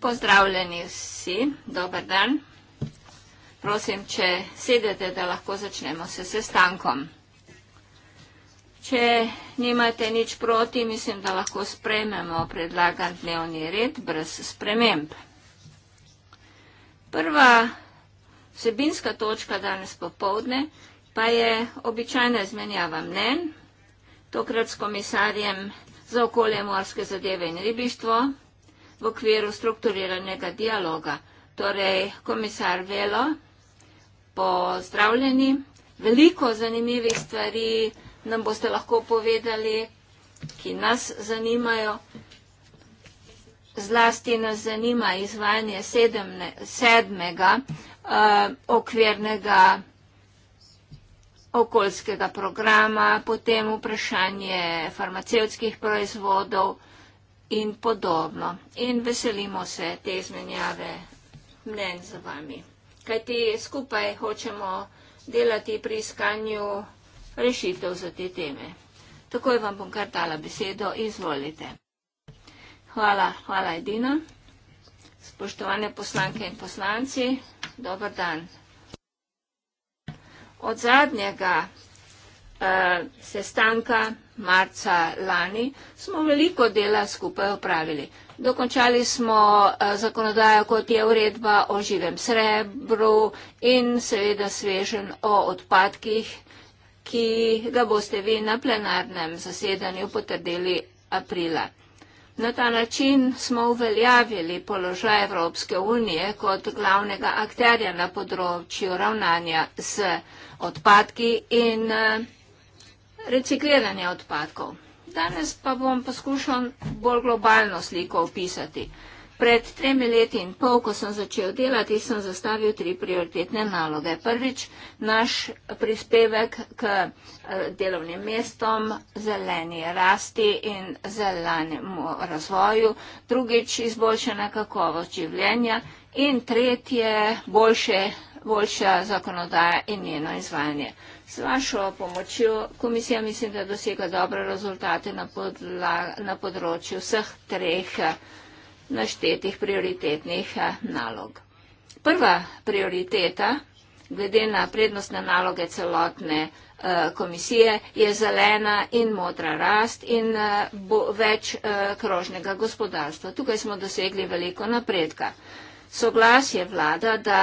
Pozdravljeni vsi, dober dan. Prosim, če sedete, da lahko začnemo s sestankom. Če nimate nič proti, mislim, da lahko sprememo predlagan dnevni red brez sprememb. Prva vsebinska točka danes popovdne pa je običajna izmenjava mnen, tokrat s komisarjem Hrvatskega, za okolje morske zadeve in ribištvo v okviru strukturiranega dialoga. Torej, komisar Velo, pozdravljeni. Veliko zanimivih stvari nam boste lahko povedali, ki nas zanimajo. Zlasti nas zanima izvajanje sedme, sedmega uh, okvirnega okoljskega programa, potem vprašanje farmacevskih proizvodov in podobno. In veselimo se te izmenjave mnen za vami. Kaj ti skupaj hočemo delati pri iskanju rešitev za te teme. Takoj vam bom kar dala besedo, izvolite. Hvala, hvala Edina. Spoštovane poslanke in poslanci, dober dan od zadnjega eh, sestanka marca lani smo veliko dela skupaj opravili. Dokončali smo eh, zakonodajo, kot je uredba o živem srebru in seveda svežen o odpadkih, ki ga boste vi na plenarnem zasedanju potrdili aprila. Na ta način smo uveljavili položaj Evropske unije kot glavnega akterja na področju ravnanja z odpadki in eh, recikliranja odpadkov. Danes pa bom poskušal bolj globalno sliko opisati. Pred tremi leti in pol, ko sem začel delati, sem zastavil tri prioritetne naloge. Prvič, naš prispevek k eh, delovnim mestom, zeleni rasti in zelenemu razvoju. Drugič, izboljšana kakovost življenja. In tretje, boljše, boljša zakonodaja in njeno izvajanje. S vašo pomočjo komisija mislim, da je dosegla dobre rezultate na, podla, na področju vseh treh naštetih prioritetnih eh, nalog. Prva prioriteta, glede na prednostne naloge celotne eh, komisije, je zelena in modra rast in eh, več krožnega gospodarstva. Tukaj smo dosegli veliko napredka. Soglas je vlada, da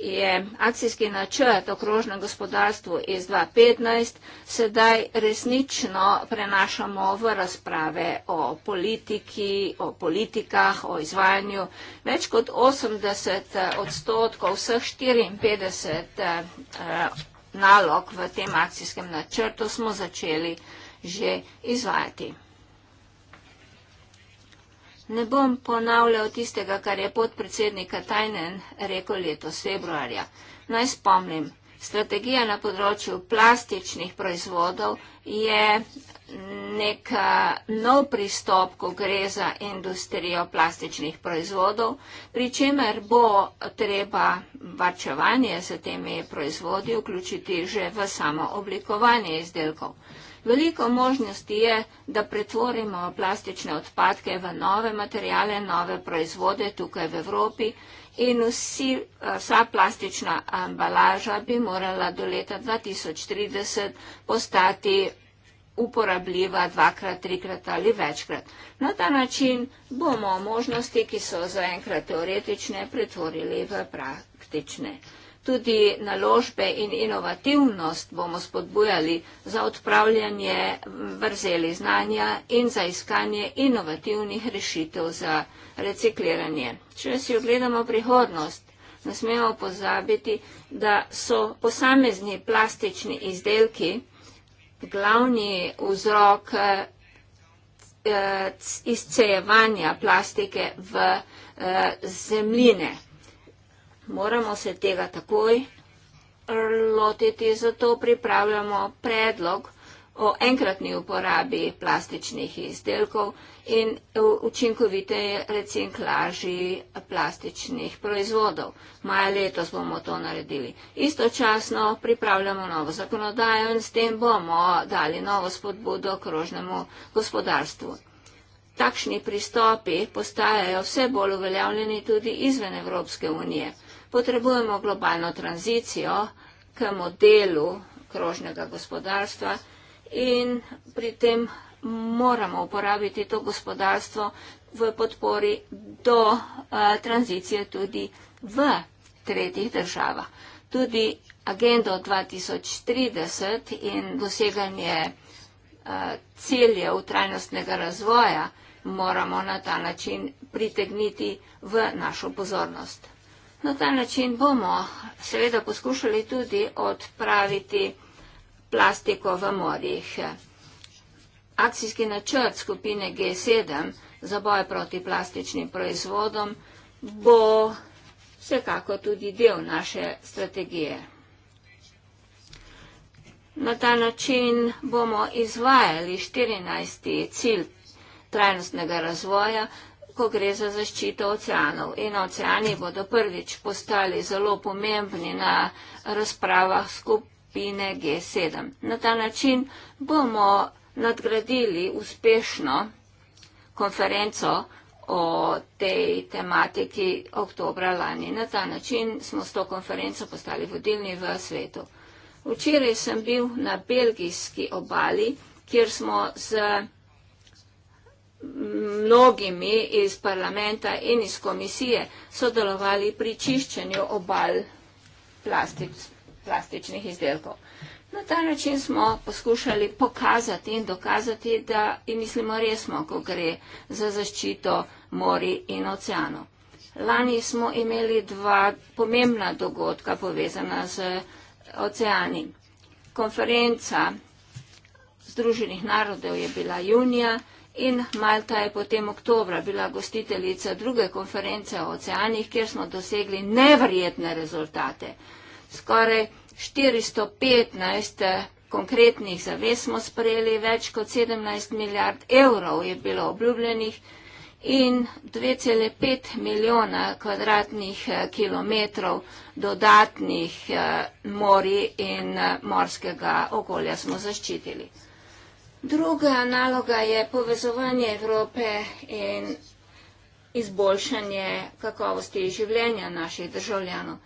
je akcijski načrt okrožnem gospodarstvu iz 2015 sedaj resnično prenašamo v razprave o politiki, o politikah, o izvajanju. Več kot 80 eh, odstotkov vseh 54 eh, eh, nalog v tem akcijskem načrtu smo začeli že izvajati. Ne bom ponavljal tistega, kar je podpredsednika Tajnen rekel letos februarja. Naj spomnim, strategija na področju plastičnih proizvodov je nek nov pristop, ko gre za industrijo plastičnih proizvodov, pri čemer bo treba varčevanje s temi proizvodi vključiti že v samo oblikovanje izdelkov. Veliko možnosti je, da pretvorimo plastične odpadke v nove materijale, nove proizvode tukaj v Evropi in vsi, eh, vsa plastična embalaža bi morala do leta 2030 postati uporabljiva dvakrat, trikrat ali večkrat. Na ta način bomo možnosti, ki so zaenkrat teoretične, pretvorili v praktične. Tudi naložbe in inovativnost bomo spodbujali za odpravljanje vrzeli znanja in za iskanje inovativnih rešitev za recikliranje. Če si ogledamo prihodnost, ne smemo pozabiti, da so posamezni plastični izdelki glavni vzrok eh, izcejevanja plastike v eh, zemljine moramo se tega takoj lotiti, zato pripravljamo predlog o enkratni uporabi plastičnih izdelkov in učinkovite reciklaži plastičnih proizvodov. Maja letos bomo to naredili. Istočasno pripravljamo novo zakonodajo in s tem bomo dali novo spodbudo krožnemu gospodarstvu. Takšni pristopi postajajo vse bolj uveljavljeni tudi izven Evropske unije potrebujemo globalno tranzicijo k modelu krožnega gospodarstva in pri tem moramo uporabiti to gospodarstvo v podpori do uh, tranzicije tudi v tretjih državah. Tudi agendo 2030 in doseganje uh, ciljev trajnostnega razvoja moramo na ta način pritegniti v našo pozornost. Na ta način bomo seveda poskušali tudi odpraviti plastiko v morjih. Akcijski načrt skupine G7 za boj proti plastičnim proizvodom bo vsekako tudi del naše strategije. Na ta način bomo izvajali 14. cilj trajnostnega razvoja, ko gre za zaščito oceanov. In oceani bodo prvič postali zelo pomembni na razpravah skupine G7. Na ta način bomo nadgradili uspešno konferenco o tej tematiki oktobra lani. Na ta način smo s to konferenco postali vodilni v svetu. Včeraj sem bil na belgijski obali, kjer smo z mnogimi iz parlamenta in iz komisije sodelovali pri čiščenju obal plastič, plastičnih izdelkov. Na ta način smo poskušali pokazati in dokazati, da in mislimo resno, ko gre za zaščito mori in oceanov. Lani smo imeli dva pomembna dogodka povezana z eh, oceani. Konferenca Združenih narodov je bila junija, In Malta je potem oktobra bila gostiteljica druge konference o oceanih, kjer smo dosegli neverjetne rezultate. Skoraj 415 eh, konkretnih zavez smo sprejeli, več kot 17 milijard evrov je bilo obljubljenih in 2,5 milijona kvadratnih eh, kilometrov dodatnih eh, mori in morskega okolja smo zaščitili. Druga naloga je povezovanje Evrope in izboljšanje kakovosti življenja naših državljanov.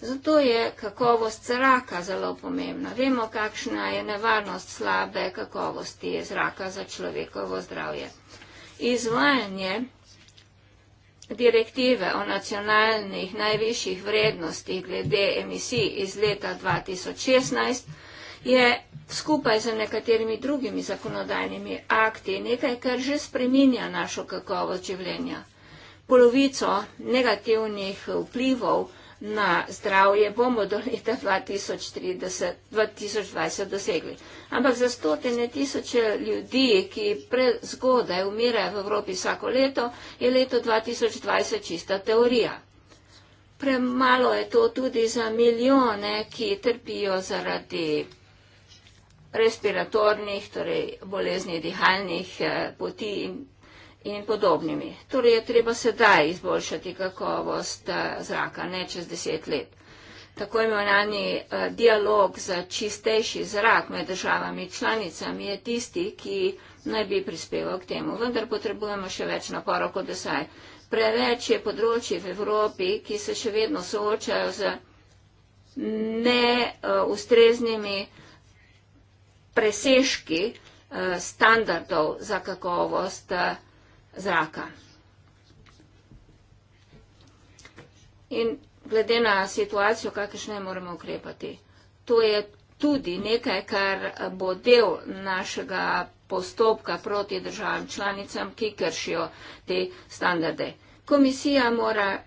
Zato je kakovost zraka zelo pomembna. Vemo, kakšna je nevarnost slabe kakovosti zraka za človekovo zdravje. Izvajanje direktive o nacionalnih najvišjih vrednostih glede emisij iz leta 2016 je skupaj z nekaterimi drugimi zakonodajnimi akti nekaj, kar že spreminja našo kakovost življenja. Polovico negativnih vplivov na zdravje bomo do leta 2030, 2020 dosegli. Ampak za stotine tisoče ljudi, ki prezgodaj umirajo v Evropi vsako leto, je leto 2020 čista teorija. Premalo je to tudi za milijone, ki trpijo zaradi respiratornih, torej bolezni dihalnih eh, poti in, in podobnimi. Torej je treba sedaj izboljšati kakovost eh, zraka, ne čez deset let. Tako imenovani eh, dialog za čistejši zrak med državami članicami je tisti, ki naj bi prispeval k temu. Vendar potrebujemo še več naporo kot desaj. Preveč je področji v Evropi, ki se še vedno soočajo z neustreznimi uh, presežki eh, standardov za kakovost eh, zraka. In glede na situacijo, kakšne moramo ukrepati, to je tudi nekaj, kar bo del našega postopka proti državam članicam, ki kršijo te standarde. Komisija mora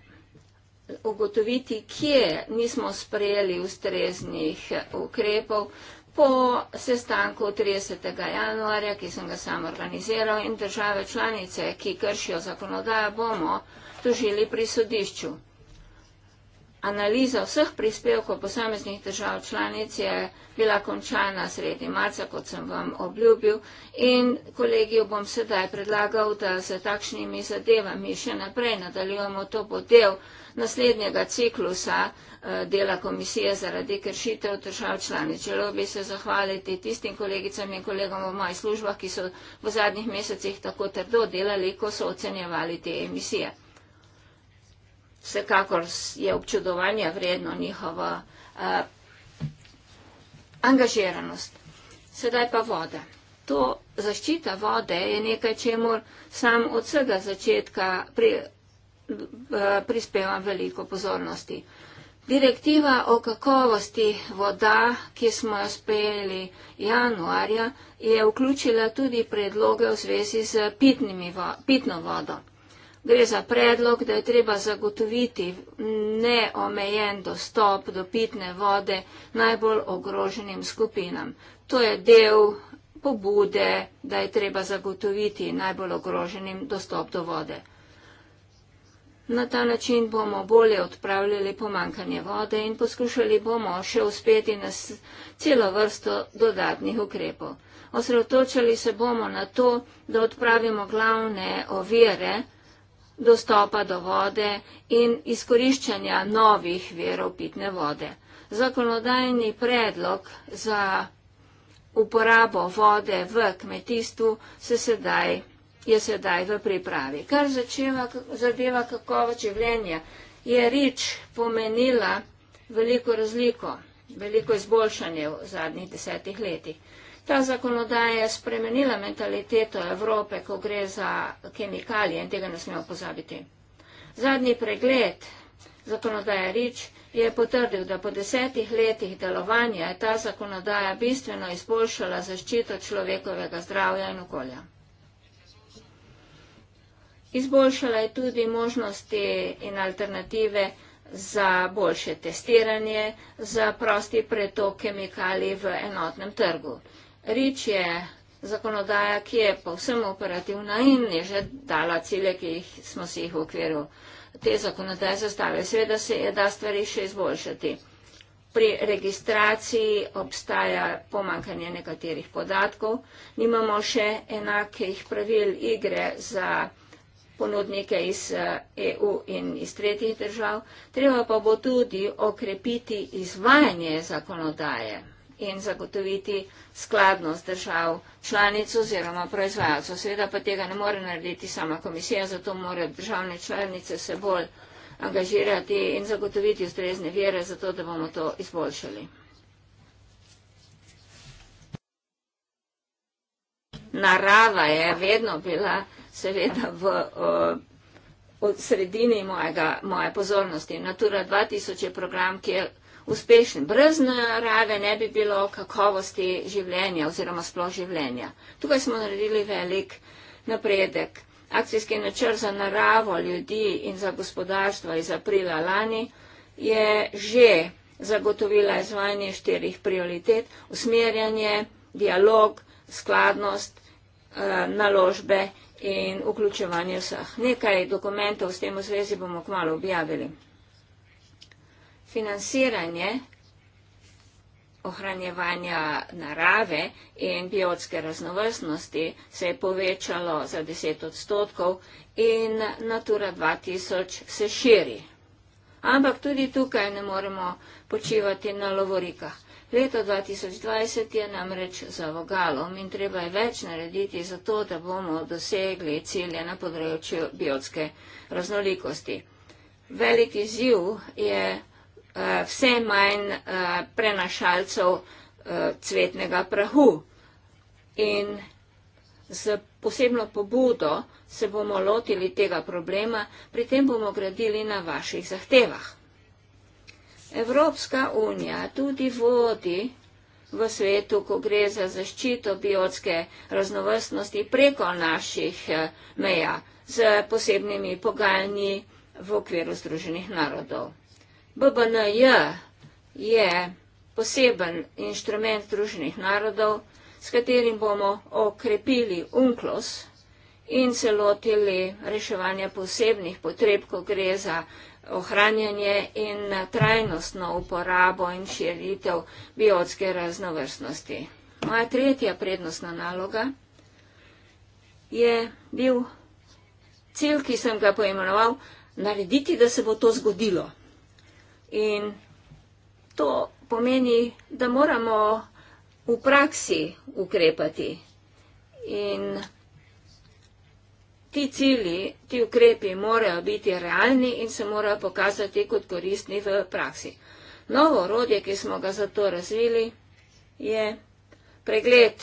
ugotoviti, kje nismo sprejeli ustreznih ukrepov, Po sestanku 30. januarja, ki sem ga sam organiziral, in države članice, ki kršijo zakonodajo, bomo tožili pri sodišču analiza vseh prispevkov posameznih držav članic je bila končana sredi marca, kot sem vam obljubil, in kolegijo bom sedaj predlagal, da z takšnimi zadevami še naprej nadaljujemo to bo del naslednjega ciklusa eh, dela komisije zaradi kršitev držav članic. Želel bi se zahvaliti tistim kolegicam in kolegom v mojih službah, ki so v zadnjih mesecih tako trdo delali, ko so ocenjevali te emisije vsekakor je občudovanja vredno njihova uh, angažiranost. Sedaj pa voda. To zaščita vode je nekaj, čemu sam od vsega začetka pri, uh, prispevam veliko pozornosti. Direktiva o kakovosti voda, ki smo jo sprejeli januarja, je vključila tudi predloge v zvezi z pitnimi vo pitno vodo. Gre za predlog, da je treba zagotoviti neomejen dostop do pitne vode najbolj ogroženim skupinam. To je del pobude, da je treba zagotoviti najbolj ogroženim dostop do vode. Na ta način bomo bolje odpravljali pomankanje vode in poskušali bomo še uspeti na celo vrsto dodatnih ukrepov. Osredotočali se bomo na to, da odpravimo glavne ovire, dostopa do vode in izkoriščanja novih verov pitne vode. Zakonodajni predlog za uporabo vode v kmetijstvu se sedaj, je sedaj v pripravi. Kar začeva, zadeva kakovo življenja, je rič pomenila veliko razliko, veliko izboljšanje v zadnjih desetih letih ta zakonodaja je spremenila mentaliteto Evrope, ko gre za kemikalije in tega ne smemo pozabiti. Zadnji pregled zakonodaje Rič je potrdil, da po desetih letih delovanja je ta zakonodaja bistveno izboljšala zaščito človekovega zdravja in okolja. Izboljšala je tudi možnosti in alternative za boljše testiranje, za prosti pretok kemikalij v enotnem trgu. Rič je zakonodaja, ki je povsem operativna in je že dala cilje, ki jih smo si jih v okviru te zakonodaje zastavili. Seveda se je da stvari še izboljšati. Pri registraciji obstaja pomankanje nekaterih podatkov, nimamo še enakih pravil igre za ponudnike iz EU eh, e in iz tretjih držav, treba pa bo tudi okrepiti izvajanje zakonodaje in zagotoviti skladnost držav članic oziroma proizvajalcev. Seveda pa tega ne more narediti sama komisija, zato morajo državne članice se bolj angažirati in zagotoviti ustrezne vere, zato da bomo to izboljšali. Narava je vedno bila seveda v, v sredini mojega, moje pozornosti. Natura 2000 je program, ki je uspešen. Brez narave ne bi bilo kakovosti življenja oziroma sploh življenja. Tukaj smo naredili velik napredek. Akcijski načrt za naravo ljudi in za gospodarstvo iz aprila lani je že zagotovila izvajanje štirih prioritet, usmerjanje, dialog, skladnost, eh, naložbe in vključevanje vseh. Nekaj dokumentov s tem v zvezi bomo kmalo objavili financiranje ohranjevanja narave in biotske raznovrstnosti se je povečalo za 10 odstotkov in Natura 2000 se širi. Ampak tudi tukaj ne moremo počivati na lovorikah. Leto 2020 je namreč za vogalom in treba je več narediti za to, da bomo dosegli cilje na področju biotske raznolikosti. Veliki ziv je Eh, vse manj eh, prenašalcev eh, cvetnega prahu. In z posebno pobudo se bomo lotili tega problema, pri tem bomo gradili na vaših zahtevah. Evropska unija tudi vodi v svetu, ko gre za zaščito biotske raznovrstnosti preko naših meja z posebnimi pogajanji v okviru Združenih narodov. BBNJ je poseben inštrument družnih narodov, s katerim bomo okrepili unklos in se lotili reševanja posebnih potreb, ko gre za ohranjanje in trajnostno uporabo in širitev biotske raznovrstnosti. Moja tretja prednostna naloga je bil cilj, ki sem ga poimenoval, narediti, da se bo to zgodilo. In to pomeni, da moramo v praksi ukrepati. In ti cilji, ti ukrepi morajo biti realni in se morajo pokazati kot koristni v praksi. Novo orodje, ki smo ga zato razvili, je pregled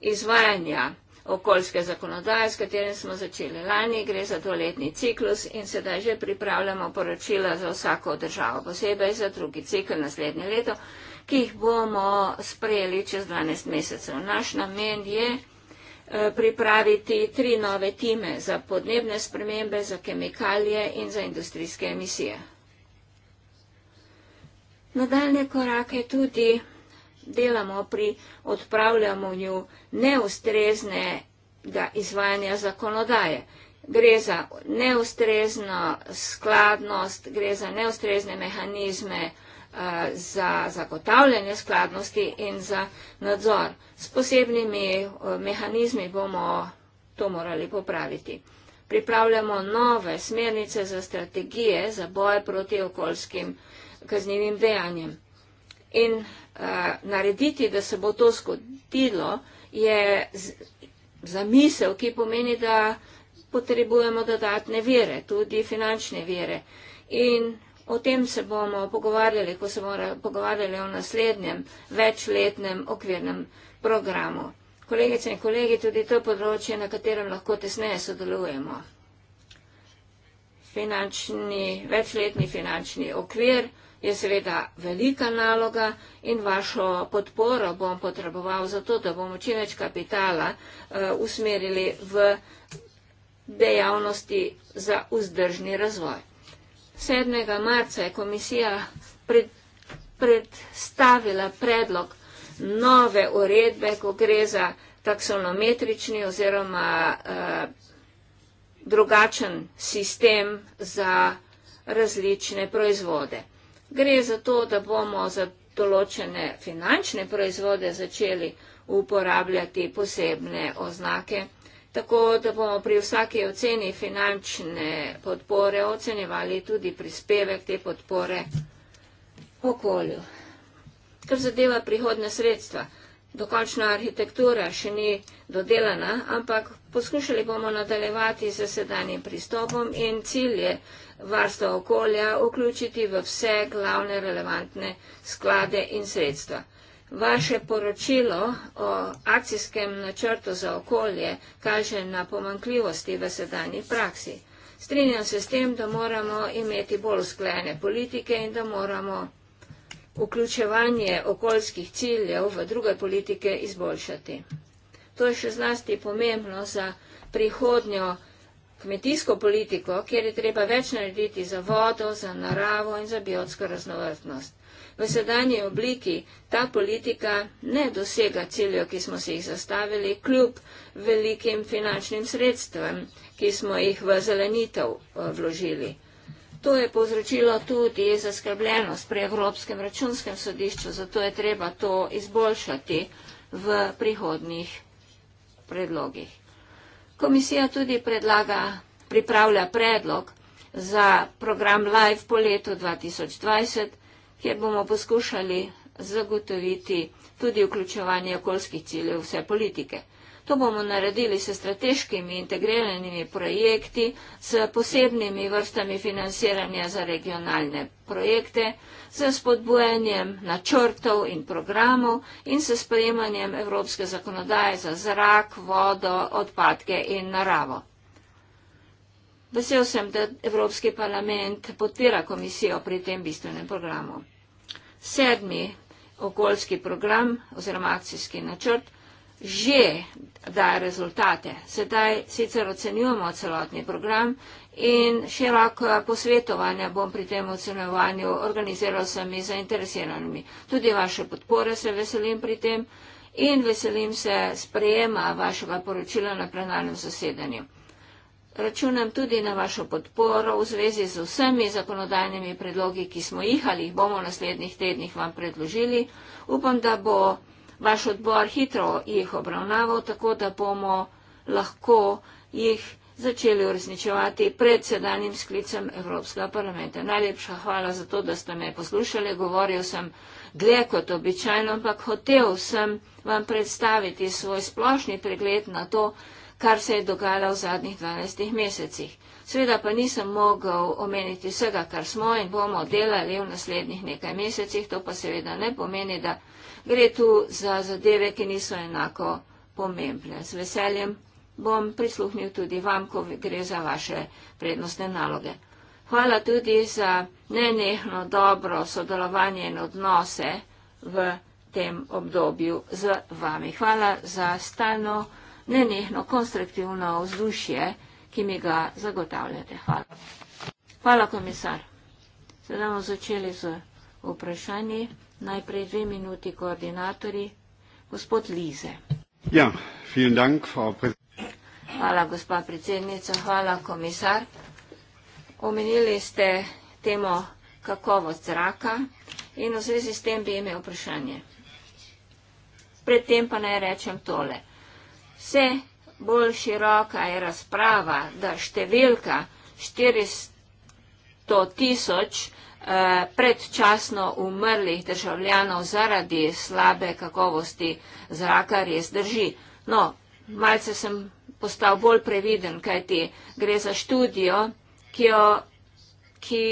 izvajanja okoljske zakonodaje, s katerim smo začeli lani, gre za dvoletni ciklus in sedaj že pripravljamo poročila za vsako državo posebej za drugi cikl naslednje leto, ki jih bomo sprejeli čez 12 mesecev. Naš namen je eh, pripraviti tri nove time za podnebne spremembe, za kemikalije in za industrijske emisije. Nadaljne korake tudi delamo pri odpravljanju neustreznega izvajanja zakonodaje. Gre za neustrezno skladnost, gre za neustrezne mehanizme eh, za zagotavljanje skladnosti in za nadzor. S posebnimi eh, mehanizmi bomo to morali popraviti. Pripravljamo nove smernice za strategije za boje proti okoljskim kaznjivim dejanjem. In narediti, da se bo to zgodilo, je zamisel, ki pomeni, da potrebujemo dodatne vire, tudi finančne vire. In o tem se bomo pogovarjali, ko se bomo pogovarjali o naslednjem večletnem okvirnem programu. Kolegice in kolegi, tudi to področje, na katerem lahko tesneje sodelujemo. Finančni, večletni finančni okvir je seveda velika naloga in vašo podporo bom potreboval zato, da bomo čim več kapitala uh, usmerili v dejavnosti za vzdržni razvoj. 7. marca je komisija pred, predstavila predlog nove uredbe, ko gre za taksonometrični oziroma uh, drugačen sistem za različne proizvode. Gre za to, da bomo za določene finančne proizvode začeli uporabljati posebne oznake, tako da bomo pri vsaki oceni finančne podpore ocenjevali tudi prispevek te podpore okolju. Kar zadeva prihodne sredstva, dokončna arhitektura še ni dodelana, ampak poskušali bomo nadaljevati z sedanjim pristopom in cilje varstva okolja vključiti v vse glavne relevantne sklade in sredstva. Vaše poročilo o akcijskem načrtu za okolje kaže na pomankljivosti v sedanji praksi. Strinjam se s tem, da moramo imeti bolj sklene politike in da moramo vključevanje okoljskih ciljev v druge politike izboljšati. To je še zlasti pomembno za prihodnjo kmetijsko politiko, kjer je treba več narediti za vodo, za naravo in za biotsko raznovrtnost. V sedanji obliki ta politika ne dosega ciljev, ki smo si jih zastavili, kljub velikim finančnim sredstvom, ki smo jih v zelenitev eh, vložili. To je povzročilo tudi zaskrbljenost pri Evropskem računskem sodišču, zato je treba to izboljšati v prihodnih predlogih. Komisija tudi predlaga, pripravlja predlog za program Live po letu 2020, kjer bomo poskušali zagotoviti tudi vključevanje okoljskih ciljev vse politike. To bomo naredili s strateškimi integriranimi projekti, s posebnimi vrstami financiranja za regionalne projekte, s spodbujanjem načrtov in programov in s sprejemanjem evropske zakonodaje za zrak, vodo, odpadke in naravo. Vesel sem, da Evropski parlament podpira komisijo pri tem bistvenem programu. Sedmi okoljski program oziroma akcijski načrt že daje rezultate. Sedaj sicer ocenjujemo celotni program in širok posvetovanja bom pri tem ocenjevanju organiziral sami zainteresiranimi. Tudi vaše podpore se veselim pri tem in veselim se sprejema vašega poročila na plenarnem zasedanju. Računam tudi na vašo podporo v zvezi z vsemi zakonodajnimi predlogi, ki smo jih ali jih bomo v naslednjih tednih vam predložili. Upam, da bo vaš odbor hitro jih obravnaval, tako da bomo lahko jih začeli uresničevati pred sedanjim sklicem Evropskega parlamenta. Najlepša hvala za to, da ste me poslušali. Govoril sem dlje kot običajno, ampak hotel sem vam predstaviti svoj splošni pregled na to, kar se je dogajalo v zadnjih 12 mesecih. Sveda pa nisem mogel omeniti vsega, kar smo in bomo delali v naslednjih nekaj mesecih. To pa seveda ne pomeni, da gre tu za zadeve, ki niso enako pomembne. Z veseljem bom prisluhnil tudi vam, ko gre za vaše prednostne naloge. Hvala tudi za nenehno dobro sodelovanje in odnose v tem obdobju z vami. Hvala za stalno, nenehno, konstruktivno vzdušje, ki mi ga zagotavljate. Hvala. Hvala, komisar. Sedaj bomo začeli z vprašanji. Najprej dve minuti koordinatorji. Gospod Lize. Ja, dank, hvala, gospa predsednica, hvala, komisar. Omenili ste temo kakovost zraka in v zvezi s tem bi imel vprašanje. Predtem pa naj rečem tole. Vse bolj široka je razprava, da številka 400 tisoč Eh, predčasno umrlih državljanov zaradi slabe kakovosti zraka res drži. No, malce sem postal bolj previden, kajti gre za študijo, ki, jo, ki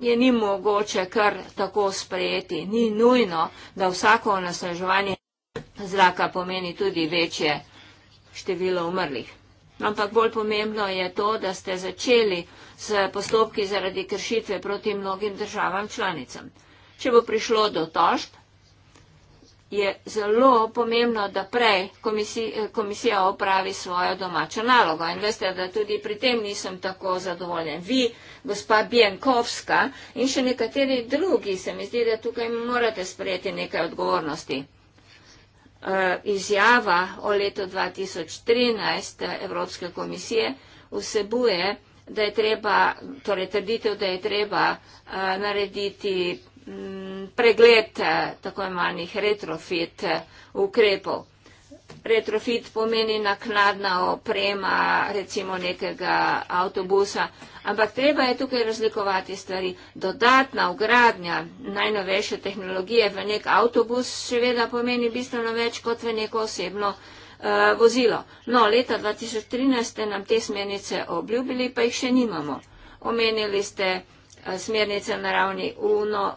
je ni mogoče kar tako sprejeti. Ni nujno, da vsako onesnaževanje zraka pomeni tudi večje število umrlih ampak bolj pomembno je to, da ste začeli s postopki zaradi kršitve proti mnogim državam članicam. Če bo prišlo do tožb, je zelo pomembno, da prej komisija, komisija opravi svojo domačo nalogo. In veste, da tudi pri tem nisem tako zadovoljen. Vi, gospa Bjenkovska in še nekateri drugi, se mi zdi, da tukaj morate sprejeti nekaj odgovornosti. Eh, izjava o letu 2013 Evropske komisije vsebuje, da je treba, torej trditev, da je treba eh, narediti mm, pregled eh, tako imenih retrofit ukrepov retrofit pomeni nakladna oprema recimo nekega avtobusa. Ampak treba je tukaj razlikovati stvari. Dodatna ugradnja najnovejše tehnologije v nek avtobus še vedno pomeni bistveno več kot v neko osebno uh, vozilo. No, leta 2013 ste nam te smernice obljubili, pa jih še nimamo. Omenili ste Eh, smernice na ravni UNO,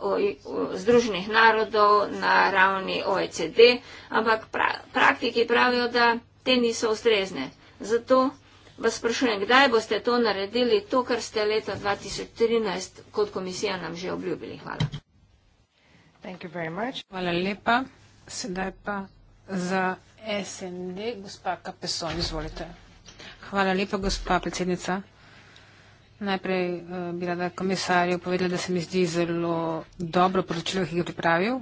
Združenih narodov, na ravni OECD, ampak pra, praktiki pravijo, da te niso ustrezne. Zato vas sprašujem, kdaj boste to naredili, to, kar ste leta 2013 kot komisija nam že obljubili. Hvala. Hvala lepa. Sedaj pa za SND, gospa Kapeson, izvolite. Hvala lepa, gospa predsednica. Najprej eh, bi rada komisarju povedala, da se mi zdi zelo dobro poročilo, ki ga pripravil.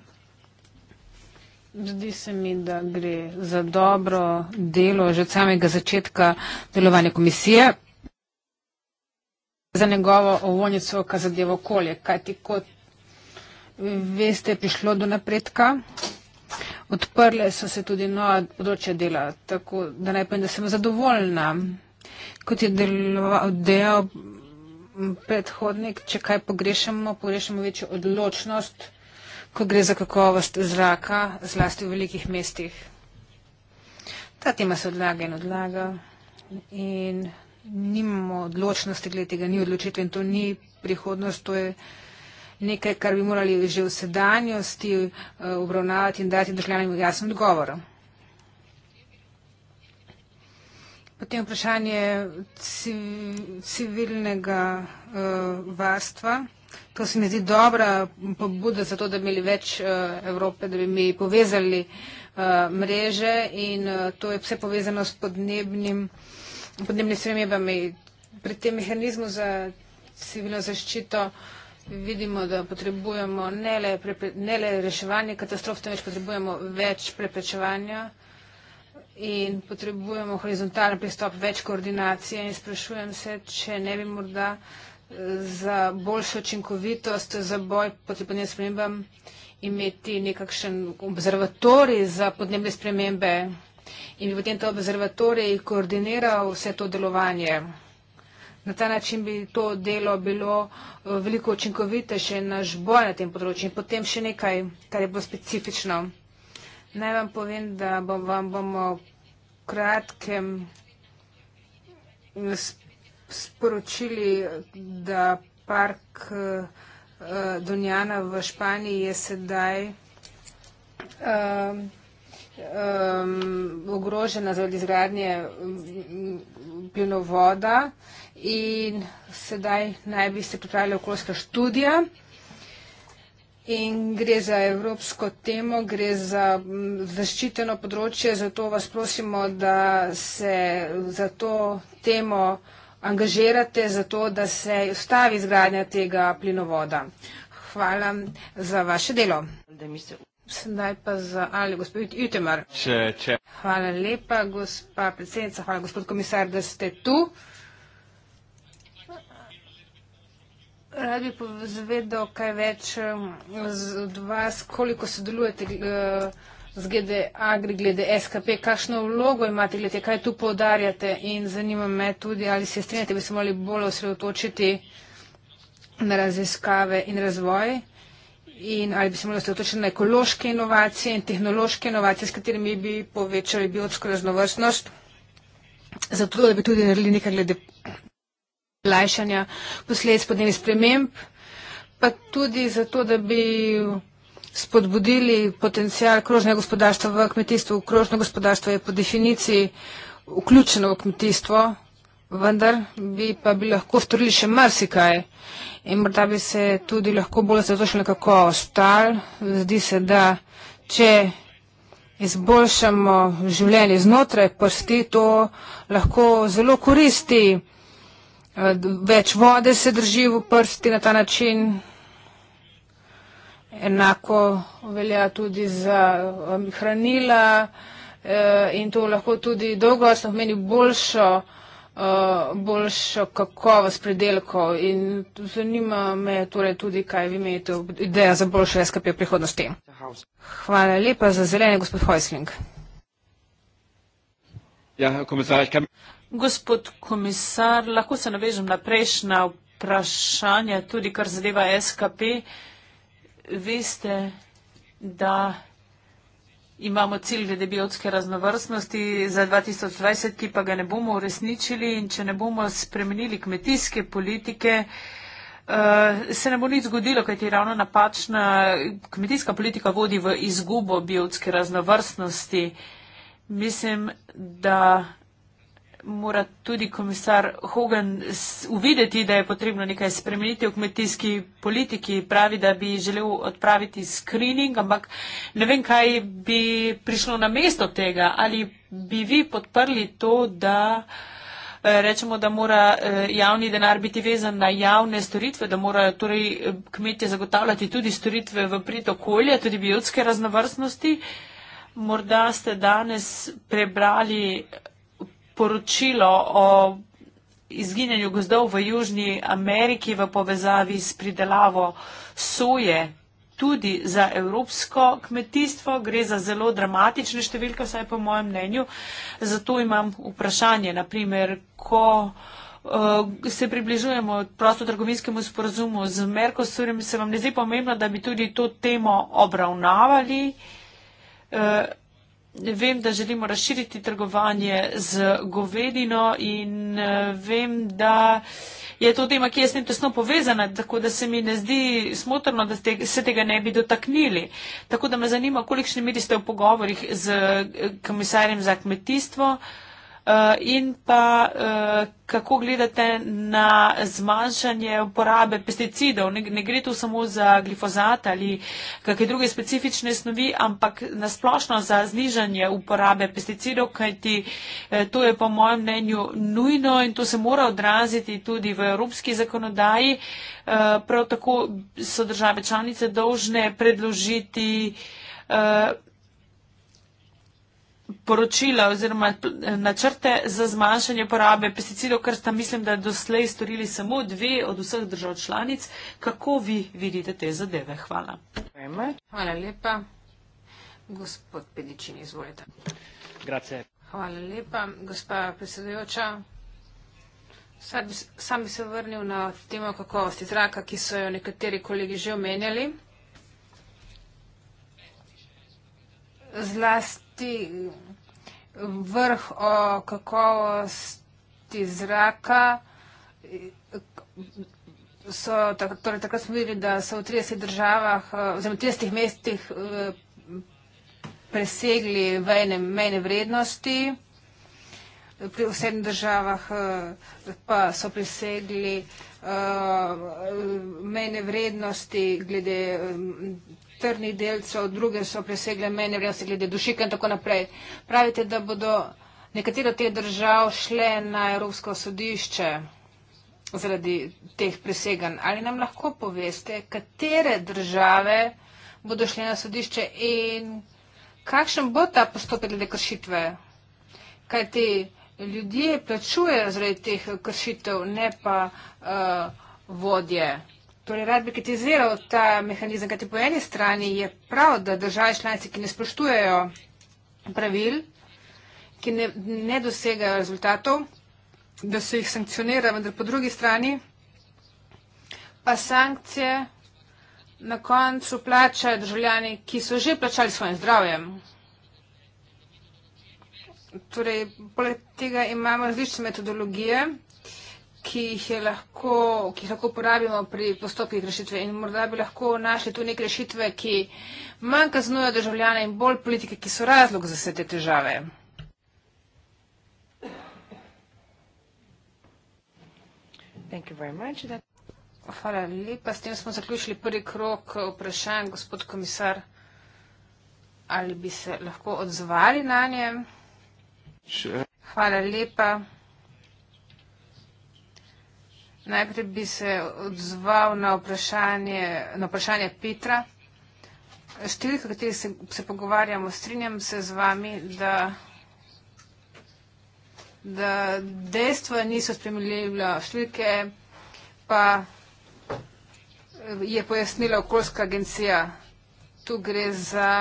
Zdi se mi, da gre za dobro delo že od samega začetka delovanja komisije. Za njegovo ovojnico, kar zadeva okolje, kajti kot veste, je prišlo do napredka. Odprle so se tudi nova področja dela, tako da naj povem, da sem zadovoljna. Kot je delo, dejal predhodnik, če kaj pogrešamo, pogrešamo večjo odločnost, ko gre za kakovost zraka, zlasti v velikih mestih. Ta tema se odlaga in odlaga in nimamo odločnosti glede tega, ni odločitve in to ni prihodnost, to je nekaj, kar bi morali že v sedanjosti eh, obravnavati in dati državljanim jasnim odgovorom. Potem vprašanje civilnega uh, varstva. To se mi zdi dobra pobuda za to, da bi imeli več uh, Evrope, da bi mi povezali uh, mreže in uh, to je vse povezano s podnebnim, podnebnim spremembami. Pri tem mehanizmu za civilno zaščito vidimo, da potrebujemo ne le, ne le reševanje katastrof, temveč potrebujemo več preprečevanja. Uh, in potrebujemo horizontalen pristop, več koordinacije in sprašujem se, če ne bi morda eh, za boljšo učinkovitost, za boj potrebnim spremembam imeti nekakšen observatorij za podnebne spremembe in bi potem ta observatorij koordiniral vse to delovanje. Na ta način bi to delo bilo eh, veliko učinkovitejše, naš boj na tem področju. In potem še nekaj, kar je bolj specifično. Naj vam povem, da bom, vam bomo v kratkem sporočili, da park uh, eh, Donjana v Španiji je sedaj um, um, ogrožena zaradi izgradnje mm, plinovoda in sedaj naj bi se pripravila okoljska študija in gre za evropsko temo, gre za zaščiteno področje, zato vas prosimo, da se za to temo angažirate, zato da se ustavi zgradnja tega plinovoda. Hvala za vaše delo. Sedaj pa za ali gospod Jutemar. Hvala lepa, gospa predsednica, hvala gospod komisar, da ste tu. Rad bi povedal kaj več um, od vas, koliko sodelujete uh, z GDA, agri, glede SKP, kakšno vlogo imate, glede kaj tu povdarjate in zanima me tudi, ali se strinjate, bi se morali bolj osredotočiti na raziskave in razvoj in ali bi se morali osredotočiti na ekološke inovacije in tehnološke inovacije, s katerimi bi povečali biotsko raznovrstnost, zato da bi tudi naredili nekaj glede lajšanja posledic podnebnih sprememb, pa tudi zato, da bi spodbudili potencijal krožnega gospodarstva v kmetijstvu. Krožno gospodarstvo je po definiciji vključeno v kmetijstvo, vendar bi pa bi lahko storili še marsikaj in morda bi se tudi lahko bolj zatočili nekako ostal. Zdi se, da če izboljšamo življenje znotraj prsti, to lahko zelo koristi več vode se drži v prsti na ta način. Enako velja tudi za um, hranila eh, in to lahko tudi dolgoročno pomeni boljšo, eh, boljšo kakovost predelkov. In zanima me torej tudi, kaj vi menite, ideja za boljšo SKP v prihodnosti. Hvala lepa za zelene, gospod Hojsling. Ja, komisar, kaj... Gospod komisar, lahko se navežem na prejšnja vprašanja, tudi kar zadeva SKP. Veste, da imamo cilj glede biotske raznovrstnosti za 2020, ki pa ga ne bomo uresničili in če ne bomo spremenili kmetijske politike, eh, se ne bo nič zgodilo, kajti ravno napačna kmetijska politika vodi v izgubo biotske raznovrstnosti. Mislim, da mora tudi komisar Hogan uvideti, da je potrebno nekaj spremeniti v kmetijski politiki. Pravi, da bi želel odpraviti screening, ampak ne vem, kaj bi prišlo na mesto tega. Ali bi vi podprli to, da eh, rečemo, da mora eh, javni denar biti vezan na javne storitve, da morajo torej eh, kmetje zagotavljati tudi storitve v prid okolja, tudi biotske raznovrstnosti. Morda ste danes prebrali poročilo o izginjanju gozdov v Južni Ameriki v povezavi s pridelavo soje tudi za evropsko kmetijstvo. Gre za zelo dramatične številke, vsaj po mojem mnenju. Zato imam vprašanje, naprimer, ko eh, se približujemo prostotrgovinskemu sporazumu z Merkosurjem, se vam ne zdi pomembno, da bi tudi to temo obravnavali. Eh, vem, da želimo razširiti trgovanje z govedino in eh, vem, da je to tema, ki je s tem tesno povezana, tako da se mi ne zdi smotrno, da ste, se tega ne bi dotaknili. Tako da me zanima, kolikšni miri ste v pogovorjih z eh, komisarjem za kmetijstvo. Uh, Eh, in pa eh, kako gledate na zmanjšanje uporabe pesticidov. Ne gre tu samo za glifozat ali kakšne druge specifične snovi, ampak nasplošno za znižanje uporabe pesticidov, kajti eh, to je po mojem mnenju nujno in to se mora odraziti tudi v evropski zakonodaji. Prav tako so države članice dolžne predložiti poročila oziroma načrte za zmanjšanje porabe pesticidov, kar sta mislim, da doslej storili samo dve od vseh držav članic. Kako vi vidite te zadeve? Hvala. Hvala lepa. Gospod Pedičin, izvolite. Grazie. Hvala lepa, gospa predsedujoča. Sam bi se vrnil na temo kakovosti zraka, ki so jo nekateri kolegi že omenjali. Zlasti vrh o kakovosti zraka. So, torej, takrat smo videli, da so v 30 državah, eh, oziroma 30 mestih eh, presegli vejne, mejne vrednosti, pri vsem državah eh, pa so presegli uh, mejne vrednosti glede trdnih delcev, druge so presegle mene vrednosti glede dušika in tako naprej. Pravite, da bodo nekatere od teh držav šle na Evropsko sodišče zaradi teh preseganj. Ali nam lahko poveste, katere države bodo šle na sodišče in kakšen bo ta postopek glede kršitve? Kaj ti ljudje plačujejo zaradi teh kršitev, ne pa uh, vodje? Torej, rad bi kritiziral ta mehanizem, kajti po eni strani je prav, da države članice, ki ne spoštujejo pravil, ki ne, ne dosegajo rezultatov, da se jih sankcionira, vendar po drugi strani pa sankcije na koncu plačajo državljani, ki so že plačali svojim zdravjem. Torej, poleg tega imamo različne metodologije ki jih lahko, ki lahko uporabimo pri postopkih rešitve in morda bi lahko našli tu neke rešitve, ki manj kaznujo državljane in bolj politike, ki so razlog za vse te težave. Hvala lepa. S tem smo zaključili prvi krok vprašanj, gospod komisar, ali bi se lahko odzvali na nje. Hvala lepa. Najprej bi se odzval na vprašanje, na vprašanje Petra. Številka, o kateri se, se pogovarjamo, strinjam se z vami, da, da dejstva niso spremljiva. Številke pa je pojasnila okoljska agencija. Tu gre za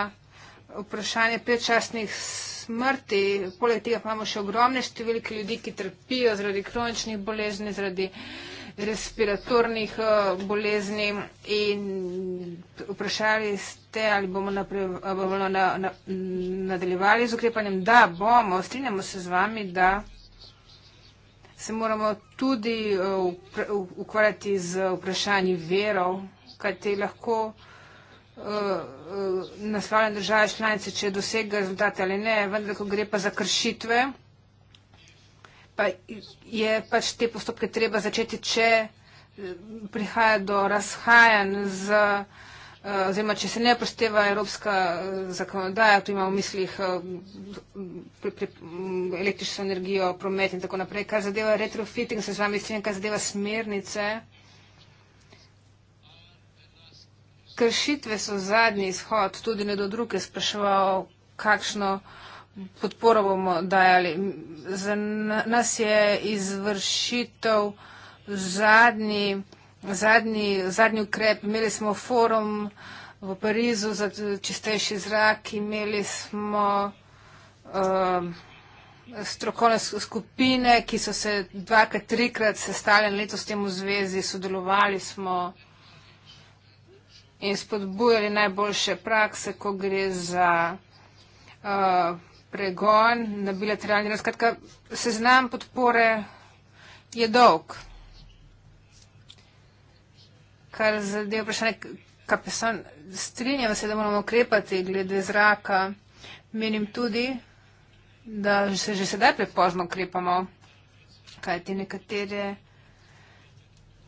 vprašanje predčasnih smrti. Poleg tega imamo še ogromne številke ljudi, ki trpijo zaradi kroničnih bolezni, zaradi uh, respiratornih eh, bolezni in vprašali ste, ali bomo, naprej, ali bomo na, na, nadaljevali z ukrepanjem. Da, bomo, strinjamo se z vami, da se moramo tudi eh, ukvarjati z vprašanji verov, kaj te lahko eh, naslavljene države članice, če dosega rezultate ali ne, vendar, ko gre pa za kršitve, pa je pač te postopke treba začeti, če eh, prihaja do razhajanj z, eh, oziroma če se ne prošteva evropska eh, zakonodaja, tu imamo v mislih pri, pri, mm, električno energijo, promet in tako naprej, kar zadeva retrofitting, se z vami strinjam, kar zadeva smernice. Kršitve so zadnji izhod, tudi ne do druge spraševal, kakšno uh, Podporo bomo dajali. Za nas je izvršitev zadnji, zadnji, zadnji ukrep. Imeli smo forum v Parizu za čistejši zrak, imeli smo uh, strokovne skupine, ki so se dvakrat, trikrat sestavljali letos s tem v zvezi, sodelovali smo in spodbujali najboljše prakse, ko gre za. Uh, pregon, na bilateralni ravni. No, skratka, seznam podpore je dolg. Kar zadeva vprašanje, kapesan, strinjam se, da moramo ukrepati glede zraka. Menim tudi, da se že sedaj prepozno ukrepamo, kajti nekatere,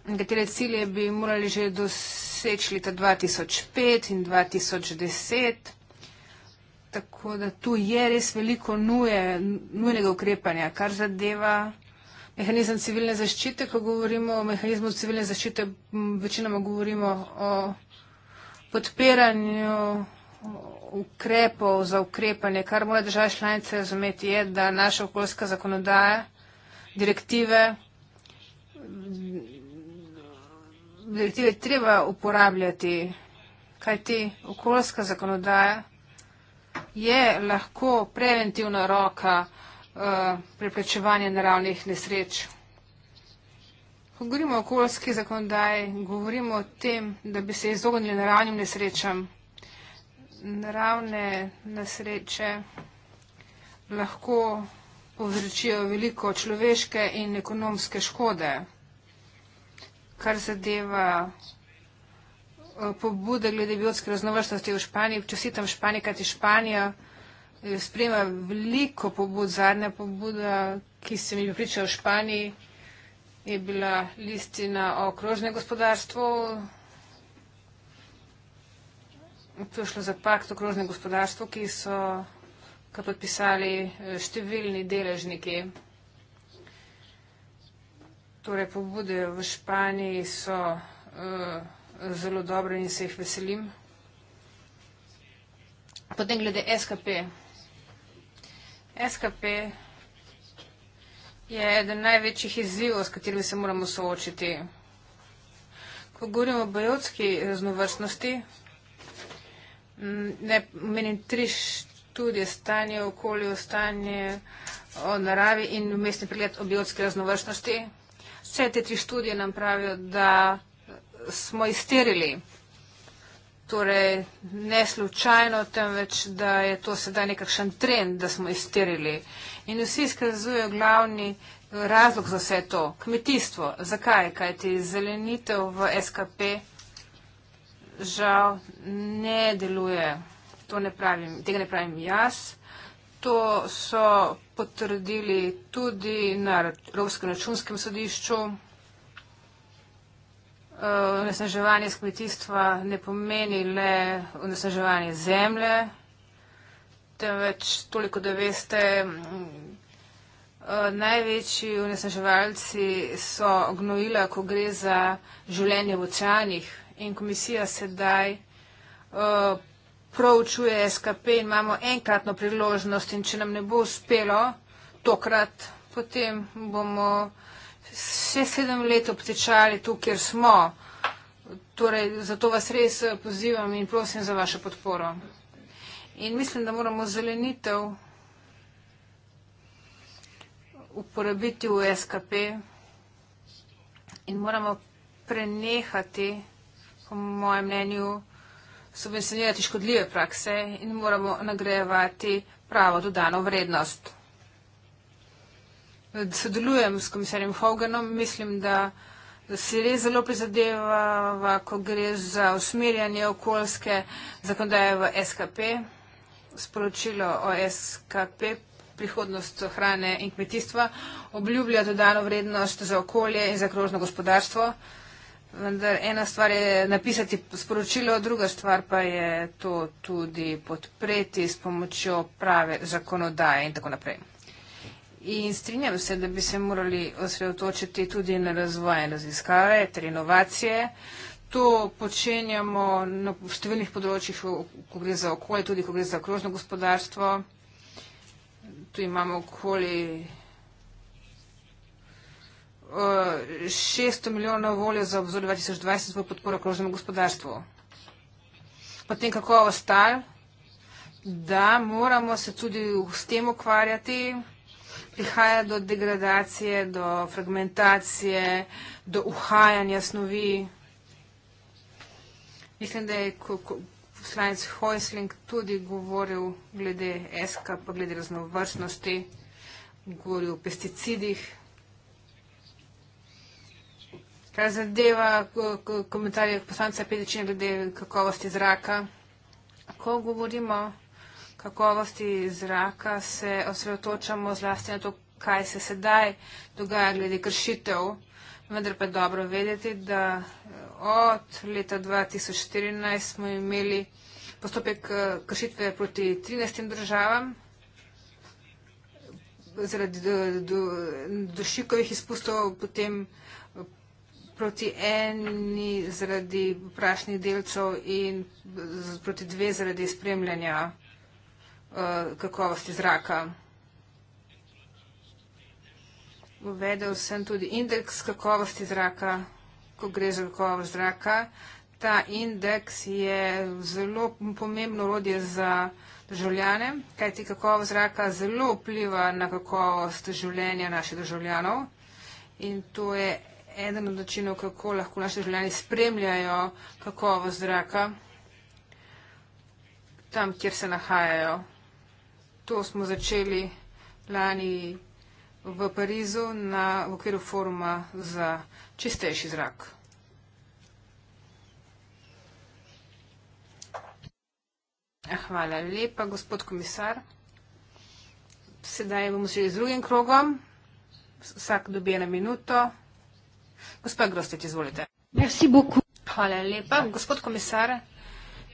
nekatere cilje bi morali že doseči leta 2005 in 2010. Tako da tu je res veliko nuje, nujnega ukrepanja, kar zadeva mehanizem civilne zaščite. Ko govorimo o mehanizmu civilne zaščite, večinoma govorimo o podpiranju ukrepov za ukrepanje. Kar mora država članica razumeti je, da naša okoljska zakonodaja, direktive, direktive treba uporabljati, kaj ti okoljska zakonodaja je lahko preventivna roka uh, preprečevanja naravnih nesreč. Ko govorimo o okoljski zakonodaji, govorimo o tem, da bi se izognili naravnim nesrečam. Naravne nesreče lahko povzročijo veliko človeške in ekonomske škode, kar zadeva pobude glede biotske raznovrstnosti v Španiji. Čestitam Španiji, kajti Španija eh, sprejema veliko pobud. Zadnja pobuda, ki se mi pripričala v Španiji, je bila listina o krožnem gospodarstvu. To je šlo za pakt o krožnem gospodarstvu, ki so ga podpisali eh, številni deležniki. Torej, pobude v Španiji so. Uh, zelo dobre in se jih veselim. Potem glede SKP. SKP je eden največjih izzivov, s katerimi se moramo soočiti. Ko govorimo o biotski raznovrstnosti, ne menim tri študije stanje okolja, stanje o naravi in mestni pregled o biotski raznovrstnosti. Vse te tri študije nam pravijo, da smo izterili. Torej, ne slučajno, temveč, da je to sedaj nekakšen trend, da smo izterili. In vsi izkazujejo glavni razlog za vse to. Kmetijstvo. Zakaj? Kaj ti zelenitev v SKP žal ne deluje. To ne pravim, tega ne pravim jaz. To so potrdili tudi na Evropskem računskem sodišču. Eh, onesnaževanje kmetijstva ne pomeni le onesnaževanje zemlje, temveč toliko, da veste, eh, največji onesnaževalci so gnojila, ko gre za življenje v očanih in komisija sedaj eh, proučuje SKP in imamo enkratno priložnost in če nam ne bo uspelo tokrat, potem bomo vse sedem let obtečali tu, kjer smo. Torej, zato vas res eh, pozivam in prosim za vašo podporo. In mislim, da moramo zelenitev uporabiti v SKP in moramo prenehati, po mojem mnenju, subvencionirati škodljive prakse in moramo nagrajevati pravo dodano vrednost sodelujem s komisarjem Hoganom, mislim, da si res zelo prizadevava, ko gre za usmerjanje okoljske zakonodaje v SKP, sporočilo o SKP, prihodnost hrane in kmetijstva, obljublja dodano vrednost za okolje in za krožno gospodarstvo. Vendar ena stvar je napisati sporočilo, druga stvar pa je to tudi podpreti s pomočjo prave zakonodaje in tako naprej. In strinjam se, da bi se morali osredotočiti tudi na razvoj raziskave ter inovacije. To počenjamo na številnih področjih, ko gre za okolje, tudi ko gre za okrožno gospodarstvo. Tu imamo okoli 600 milijonov voljo za obzor 2020 v podporo okrožnemu gospodarstvu. Potem kako ostal, da moramo se tudi s tem ukvarjati prihaja do degradacije, do fragmentacije, do uhajanja snovi. Mislim, da je poslanec Hojsling tudi govoril glede eska, pa glede raznovrstnosti, govoril o pesticidih. Kar zadeva komentarje poslanca Pedičina glede kakovosti zraka, ko govorimo kakovosti zraka se osredotočamo zlasti na to, kaj se sedaj dogaja glede kršitev, vendar pa je dobro vedeti, da eh, od leta 2014 smo imeli postopek eh, kršitve proti 13 državam zaradi dušikovih izpustov, potem eh, proti eni zaradi prašnih delcev in proti dve zaradi spremljanja. Eh, kakovosti zraka. Uvedel sem tudi indeks kakovosti zraka, ko gre za kakovost zraka. Ta indeks je zelo pomembno urodje za državljane, kajti kakovost zraka zelo vpliva na kakovost življenja naših državljanov. In to je eden od načinov, kako lahko naši državljani spremljajo kakovost zraka tam, kjer se nahajajo. To smo začeli lani v Parizu na v okviru foruma za čistejši zrak. Hvala lepa, gospod komisar. Sedaj bomo začeli z drugim krogom. Vsak dobi eno minuto. Gospod Grostet, izvolite. Hvala lepa, gospod komisar.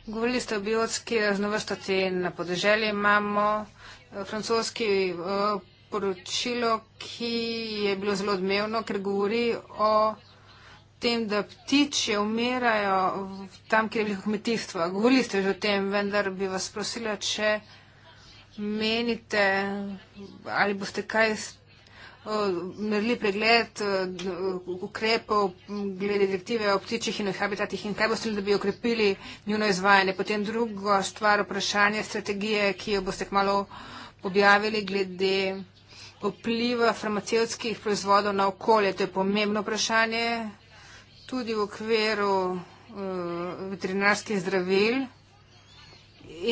Govorili ste o biotski raznovrstnosti na podeželju. Imamo eh, francoski eh, poročilo, ki je bilo zelo odmevno, ker govori o tem, da ptiče umirajo tam, kjer je veliko kmetijstva. Govorili ste že o tem, vendar bi vas prosila, če menite ali boste kaj naredili eh, pregled eh, ukrepov glede direktive o ptičjih in habitatih in kaj boste naredili, da bi okrepili njuno izvajanje. Potem drugo stvar, vprašanje strategije, ki jo boste kmalo objavili glede vpliva farmacevskih proizvodov na okolje. To je pomembno vprašanje tudi v okviru eh, veterinarskih zdravil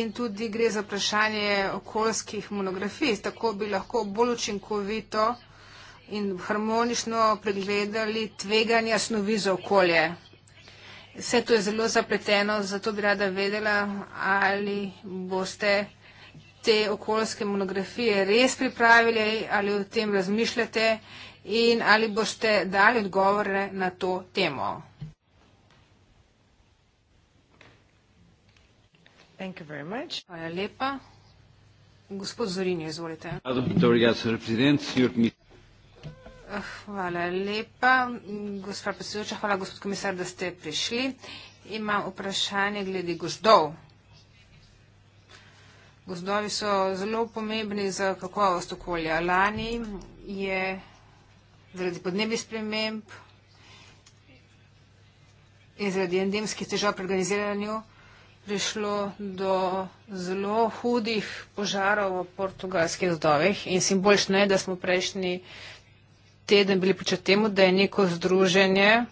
in tudi gre za vprašanje okoljskih monografij. Tako bi lahko bolj učinkovito in harmonično pregledali tveganja snovi za okolje. Vse to je zelo zapleteno, zato bi rada vedela, ali boste te okoljske monografije res pripravili, ali o tem razmišljate in ali boste dali odgovore na to temo. Hvala lepa. Gospod Zorin, izvolite. Hvala, Ah, hvala lepa, gospod predsedujoča. Hvala, gospod komisar, da ste prišli. Imam vprašanje glede gozdov. Gozdovi so zelo pomembni za kakovost okolja. Lani je zaradi podnebnih sprememb in zaradi endemskih težav pri organiziranju prišlo do zelo hudih požarov v portugalskih gozdovih in simbolično je, da smo prejšnji teden bili priča temu, da je neko združenje,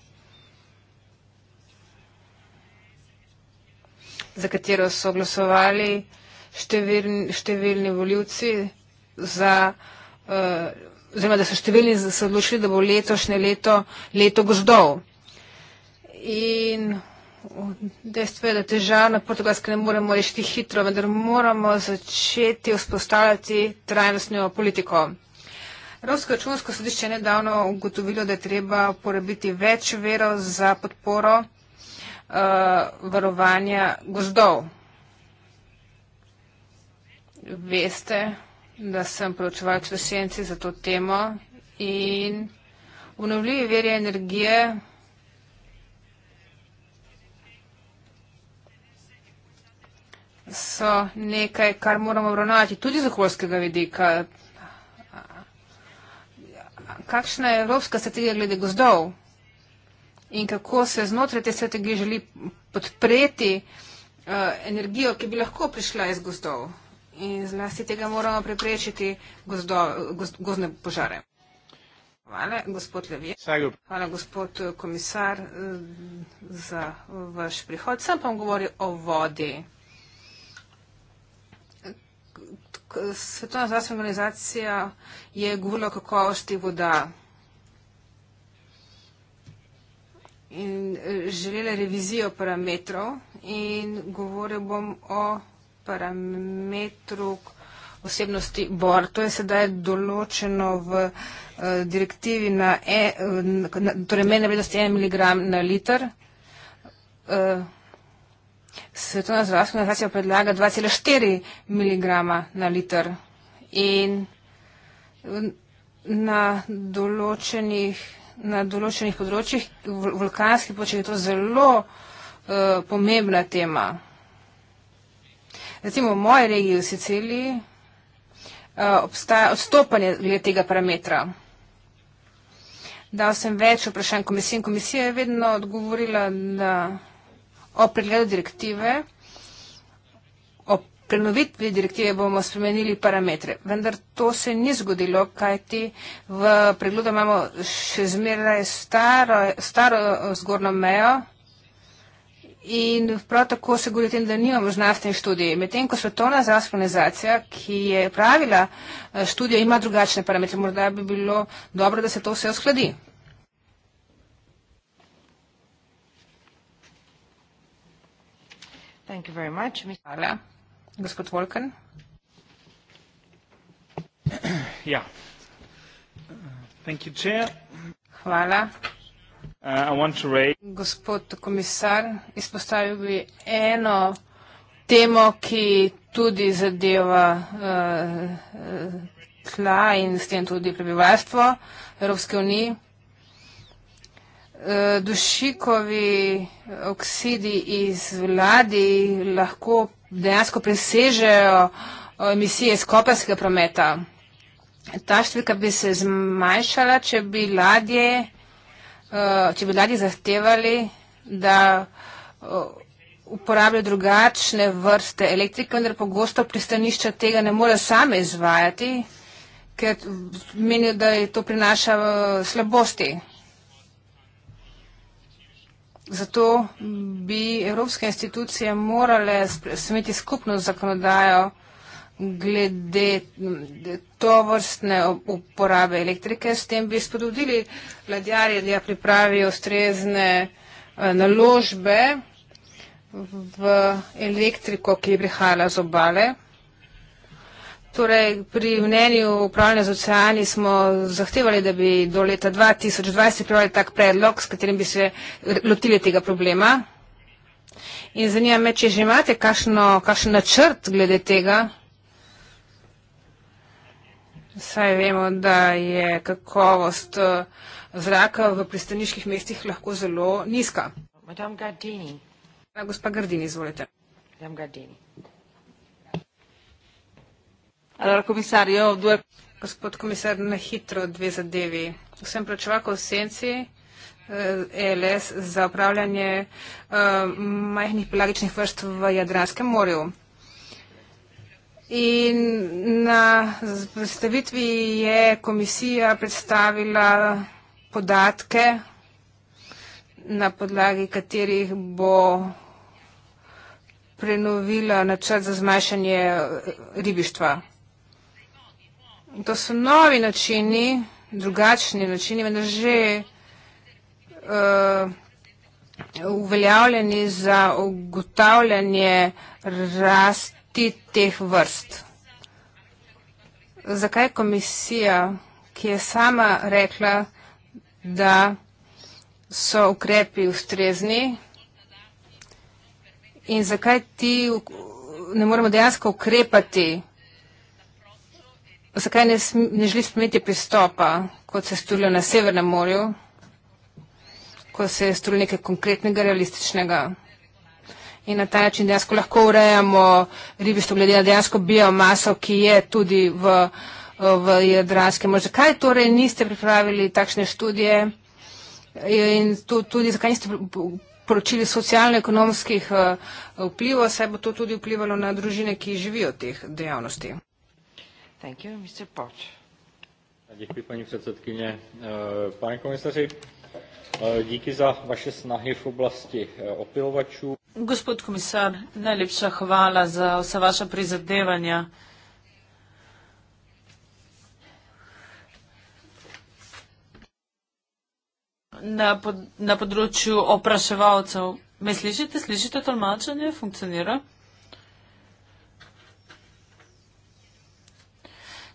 za katero so glasovali številni, številni voljivci, eh, oziroma uh, da so številni se odločili, da bo letošnje leto leto gozdov. In dejstvo je, da težav na portugalske ne moremo rešiti hitro, vendar moramo začeti vzpostavljati trajnostno politiko. Evropsko računsko sodišče je nedavno ugotovilo, da je treba porabiti več verov za podporo uh, varovanja gozdov. Veste, da sem proučevalec v senci za to temo in obnovljivi veri energije. so nekaj, kar moramo obravnavati tudi z okoljskega vidika kakšna je evropska strategija glede gozdov in kako se znotraj te strategije želi podpreti uh, energijo, ki bi lahko prišla iz gozdov. In zlasti tega moramo preprečiti gozdo, goz, gozdne požare. Hvala, gospod Levi. Hvala, gospod eh, komisar, eh, za vaš prihod. Sam pa vam govori o vodi. Svetovna zdravstvena organizacija je govorila o kakovosti voda in eh, želela revizijo parametrov in govoril bom o parametru osebnosti BOR. To je sedaj določeno v eh, direktivi na e, eh, torej mene vrednosti 1 mg na liter. Svetovna zdravstvena organizacija predlaga 2,4 mg na liter in na določenih, na določenih področjih, vulkanskih področjih, je to zelo uh, pomembna tema. Recimo v moji regiji v Siciliji uh, obstaja odstopanje glede tega parametra. Dal sem več vprašanj komisiji in komisija je vedno odgovorila, da o pregledu direktive, o prenovitvi direktive bomo spremenili parametre. Vendar to se ni zgodilo, kajti v pregledu imamo še zmeraj staro, staro zgornjo mejo. In prav tako se govori o tem, da nimamo znanstvene študije. Medtem ko svetovna zdravstvena organizacija, ki je pravila eh, študijo, ima drugačne parametre, morda bi bilo dobro, da se to vse uskladi. Thank you very much. Hvala. Gospod Volken. Ja. Thank you, chair. Hvala. Uh, Gospod komisar, izpostavil bi eno temo, ki tudi zadeva uh, tla in s tem tudi prebivalstvo Evropske unije. E, dušikovi oksidi iz vladi lahko dejansko presežejo e, emisije iz kopenskega prometa. Ta številka bi se zmanjšala, če bi ladje, e, če bi ladje zahtevali, da uporabljajo drugačne vrste elektrike, vendar pogosto pristanišča tega ne more same izvajati, ker menijo, da je to prinaša slabosti. Zato bi evropske institucije morale smeti skupno zakonodajo glede mm, tovrstne uporabe elektrike. S tem bi spodobili ladjarje, da pripravijo ustrezne eh, naložbe v elektriko, ki je prihajala z obale. Torej, pri mnenju upravljanja z oceani smo zahtevali, da bi do leta 2020 pripravili tak predlog, s katerim bi se lotili tega problema. In zanima me, če že imate kakšno, kakšen načrt glede tega. Saj vemo, da je kakovost eh, zraka v pristaniških mestih lahko zelo nizka. Ja, gospa Gardini, izvolite. Madame Gardini. Allora, komisarjo, due... Gospod komisar, na hitro dve zadevi. Vsem plačevalkom v senci ELS eh, e za upravljanje uh, majhnih pelagičnih vrst v Jadranskem morju. In na predstavitvi je komisija predstavila podatke, na podlagi katerih bo prenovila načrt za zmanjšanje eh, ribištva. To so novi načini, drugačni načini, vendar že uh, uveljavljeni za ugotavljanje rasti teh vrst. Zakaj komisija, ki je sama rekla, da so ukrepi ustrezni in zakaj ti ne moremo dejansko ukrepati? Zakaj ne, ne želi spremeniti pristopa, kot se je storilo na Severnem morju, ko se je storilo nekaj konkretnega, realističnega? In na ta način dejansko lahko urejamo ribištvo glede na dejansko biomaso, ki je tudi v, v Jadranskem morju. Zakaj torej niste pripravili takšne študije in tudi zakaj niste poročili socialno-ekonomskih eh, vplivov, saj bo to tudi vplivalo na družine, ki živijo teh dejavnosti? Thank you. Mr. Poch. Děkuji, paní předsedkyně. Eh, pane komisaři, eh, díky za vaše snahy v oblasti eh, opilovačů. Gospod komisar, najlepša hvala za vse vaše prizadevanja. Na, pod, na področju opraševalcev. Me slišite? Slišite tolmačenje? Funkcionira?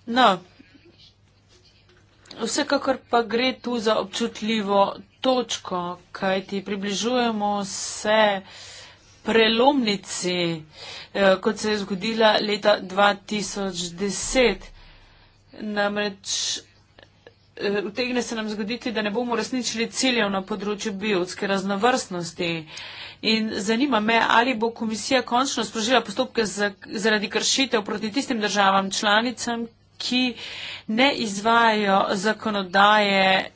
No, vsekakor pa gre tu za občutljivo točko, kaj ti približujemo se prelomnici, eh, kot se je zgodila leta 2010. Namreč eh, utegne se nam zgoditi, da ne bomo resničili ciljev na področju biotske raznovrstnosti. In zanima me, ali bo komisija končno sprožila postopke zaradi kršitev proti tistim državam članicam, ki ne izvajajo zakonodaje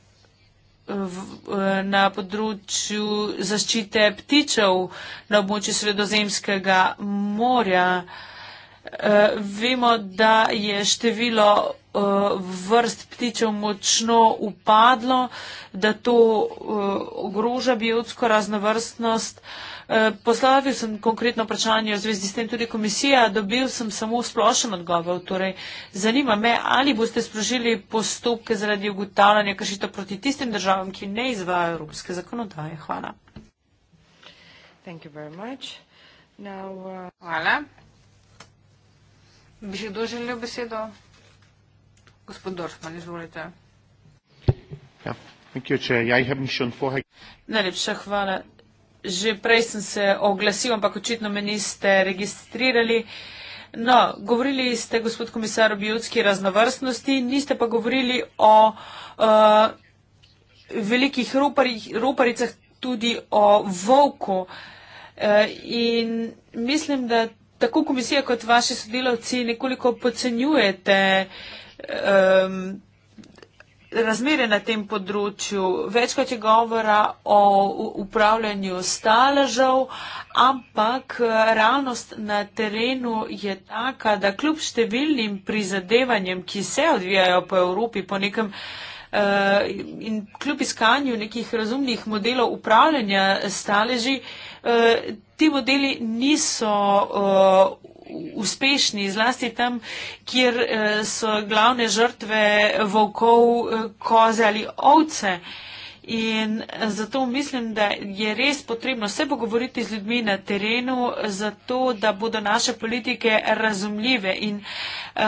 na področju zaščite ptičev na območju sredozemskega morja. Eh, vemo, da je število eh, vrst ptičev močno upadlo, da to eh, ogroža biotsko raznovrstnost. Eh, Poslavil sem konkretno vprašanje v zvezi s tem tudi komisija, dobil sem samo splošen odgovor. Torej, zanima me, ali boste sprožili postopke zaradi ugotavljanja kršitev proti tistim državam, ki ne izvajo evropske zakonodaje. Hvala. Uh, hvala. Bi še kdo želel besedo? Gospod Dorfman, izvolite. Ja, ja, Najlepša hvala že prej sem se oglasil, ampak očitno me niste registrirali. No, govorili ste, gospod komisar, o biotski raznovrstnosti, niste pa govorili o uh, velikih ruparih, ruparicah, tudi o volku. Uh, in mislim, da tako komisija kot vaši sodelavci nekoliko podcenjujete. Um, razmere na tem področju. Večkrat je govora o upravljanju staležev, ampak eh, realnost na terenu je taka, da kljub številnim prizadevanjem, ki se odvijajo po Evropi, po nekem eh, in kljub iskanju nekih razumnih modelov upravljanja staleži, eh, ti modeli niso uh, uspešni, zlasti tam, kjer uh, so glavne žrtve volkov, uh, koze ali ovce. In zato mislim, da je res potrebno se pogovoriti z ljudmi na terenu, zato da bodo naše politike razumljive. In uh,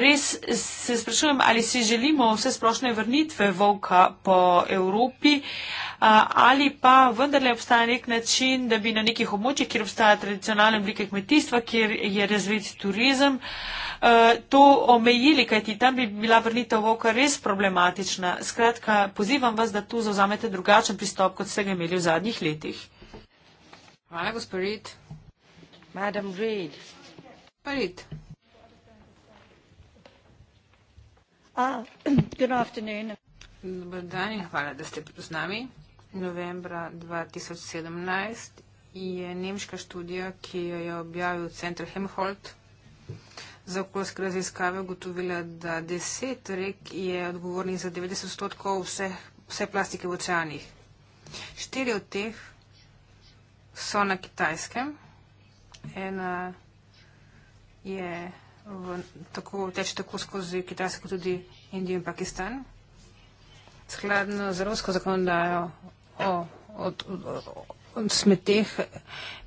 res se sprašujem, ali si želimo vse splošne vrnitve volka po Evropi. Uh, ali pa vendarle obstaja nek način, da bi na nekih območjih, kjer obstaja tradicionalne oblike kmetijstva, kjer je razvit turizem, e, to omejili, kajti tam bi bila vrnitev voka res problematična. Skratka, pozivam vas, da tu zauzamete drugačen pristop, kot ste ga imeli v zadnjih letih. Hvala, gospod Reid. Reid. Ah, good afternoon. Dobar dan in hvala, da ste tu z nami novembra 2017 je nemška študija, ki jo je objavil center Hemholt za okoljske raziskave, ugotovila, da deset rek je odgovornih za 90 odstotkov vse, vse plastike v oceanih. Štiri od teh so na kitajskem, ena je v, tako, teče tako skozi Kitajsko, tudi Indijo in Pakistan. Skladno z evropsko zakonodajo o, o, o smetih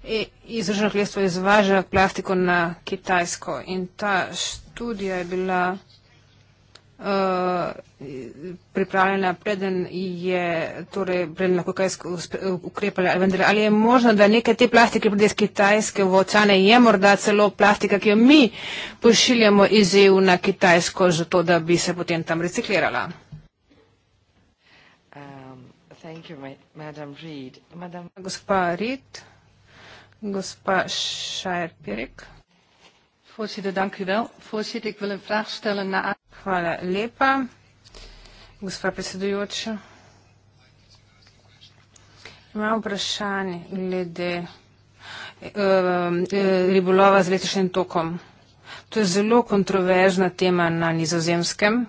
e, iz Združenih kraljestva izvaža plastiko na Kitajsko. In ta študija je bila uh, pripravljena preden je torej, preden lahko kaj ukrepala. Vendar, ali je možno, da nekaj te plastike pride iz Kitajske v oceane, je morda celo plastika, ki jo mi pošiljamo iz EU na Kitajsko, zato da bi se potem tam reciklirala? Thank you, Madam Reid. Madam- Gospa Reid, gospa Šajer-Pirik. Voorzitter, dank u wel. Voorzitter, ik wil een vraag stellen naar... Hvala lepa. Gospa predsedujoča. Imam vprašanje glede ehm, e, ribolova z letošnjim tokom. To je zelo kontroverzna tema na nizozemskem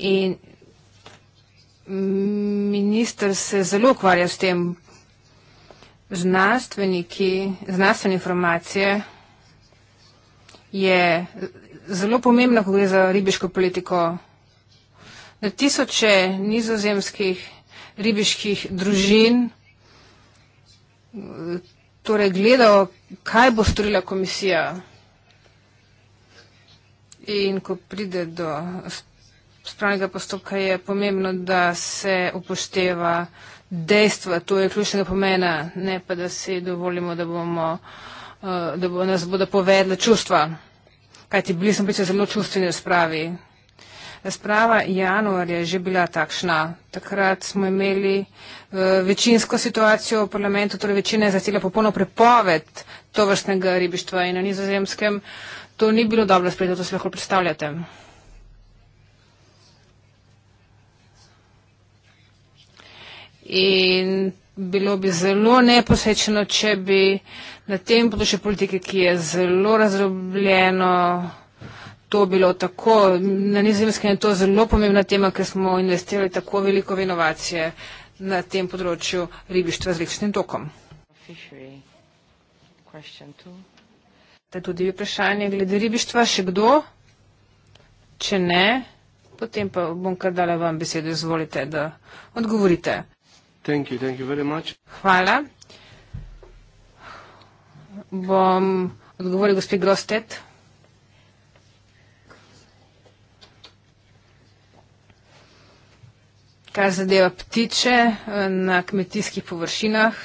in Ministr se zelo ukvarja s tem. Znanstveniki, znanstvene informacije je zelo pomembno, ko gre za ribiško politiko. Na tisoče nizozemskih ribiških družin torej gledajo, kaj bo storila komisija. In ko pride do spravnega postopka je pomembno, da se upošteva dejstva, to je ključnega pomena, ne pa da si dovolimo, da, bomo, eh, da bo nas bodo povedla čustva. Kajti bili smo priča zelo čustveni razpravi. Razprava januarja je že bila takšna. Takrat smo imeli eh, večinsko situacijo v parlamentu, torej večina je zacela popolno prepoved to vrstnega ribištva in na nizozemskem to ni bilo dobro sprejeto, to se lahko predstavljate. in bilo bi zelo neposrečeno, če bi na tem področju politike, ki je zelo razdrobljeno, to bilo tako. Na nizozemskem je to zelo pomembna tema, ker smo investirali tako veliko v inovacije na tem področju ribištva z rečnim tokom. To je tudi vprašanje glede ribištva. Še kdo? Če ne, potem pa bom kar dala vam besedo. Izvolite, da odgovorite. Thank you, thank you very much. Hvala. Bom odgovoril gospod Grostet. Kar zadeva ptiče eh, na kmetijskih površinah,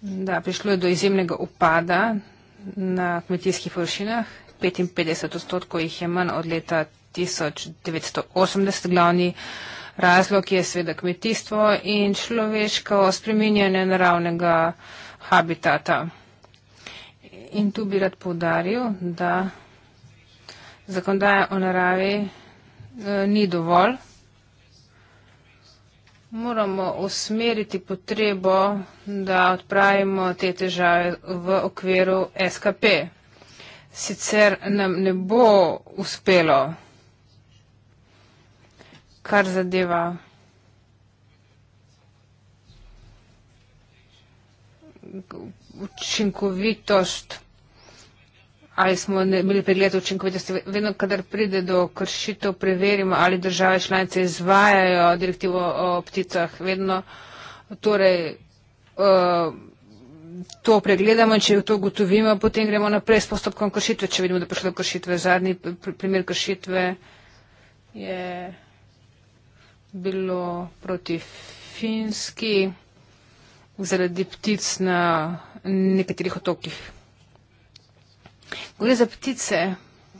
da prišlo je do izjemnega upada na kmetijskih površinah, 55 odstotkov jih je manj od leta 1980, glavni Razlog je seveda kmetijstvo in človeško spreminjanje naravnega habitata. In tu bi rad povdaril, da zakondaja o naravi eh, ni dovolj. Moramo usmeriti potrebo, da odpravimo te težave v okviru SKP. Sicer nam ne bo uspelo kar zadeva učinkovitost ali smo imeli pregled učinkovitosti. Vedno, kadar pride do kršitev, preverimo, ali države članice izvajajo direktivo o pticah. Vedno torej, eh, to pregledamo in če to ugotovimo, potem gremo naprej s postopkom kršitve, če vidimo, da prišlo do kršitve. Zadnji primer kršitve je. Yeah bilo proti Finski zaradi ptic na nekaterih otokih. Gre za ptice,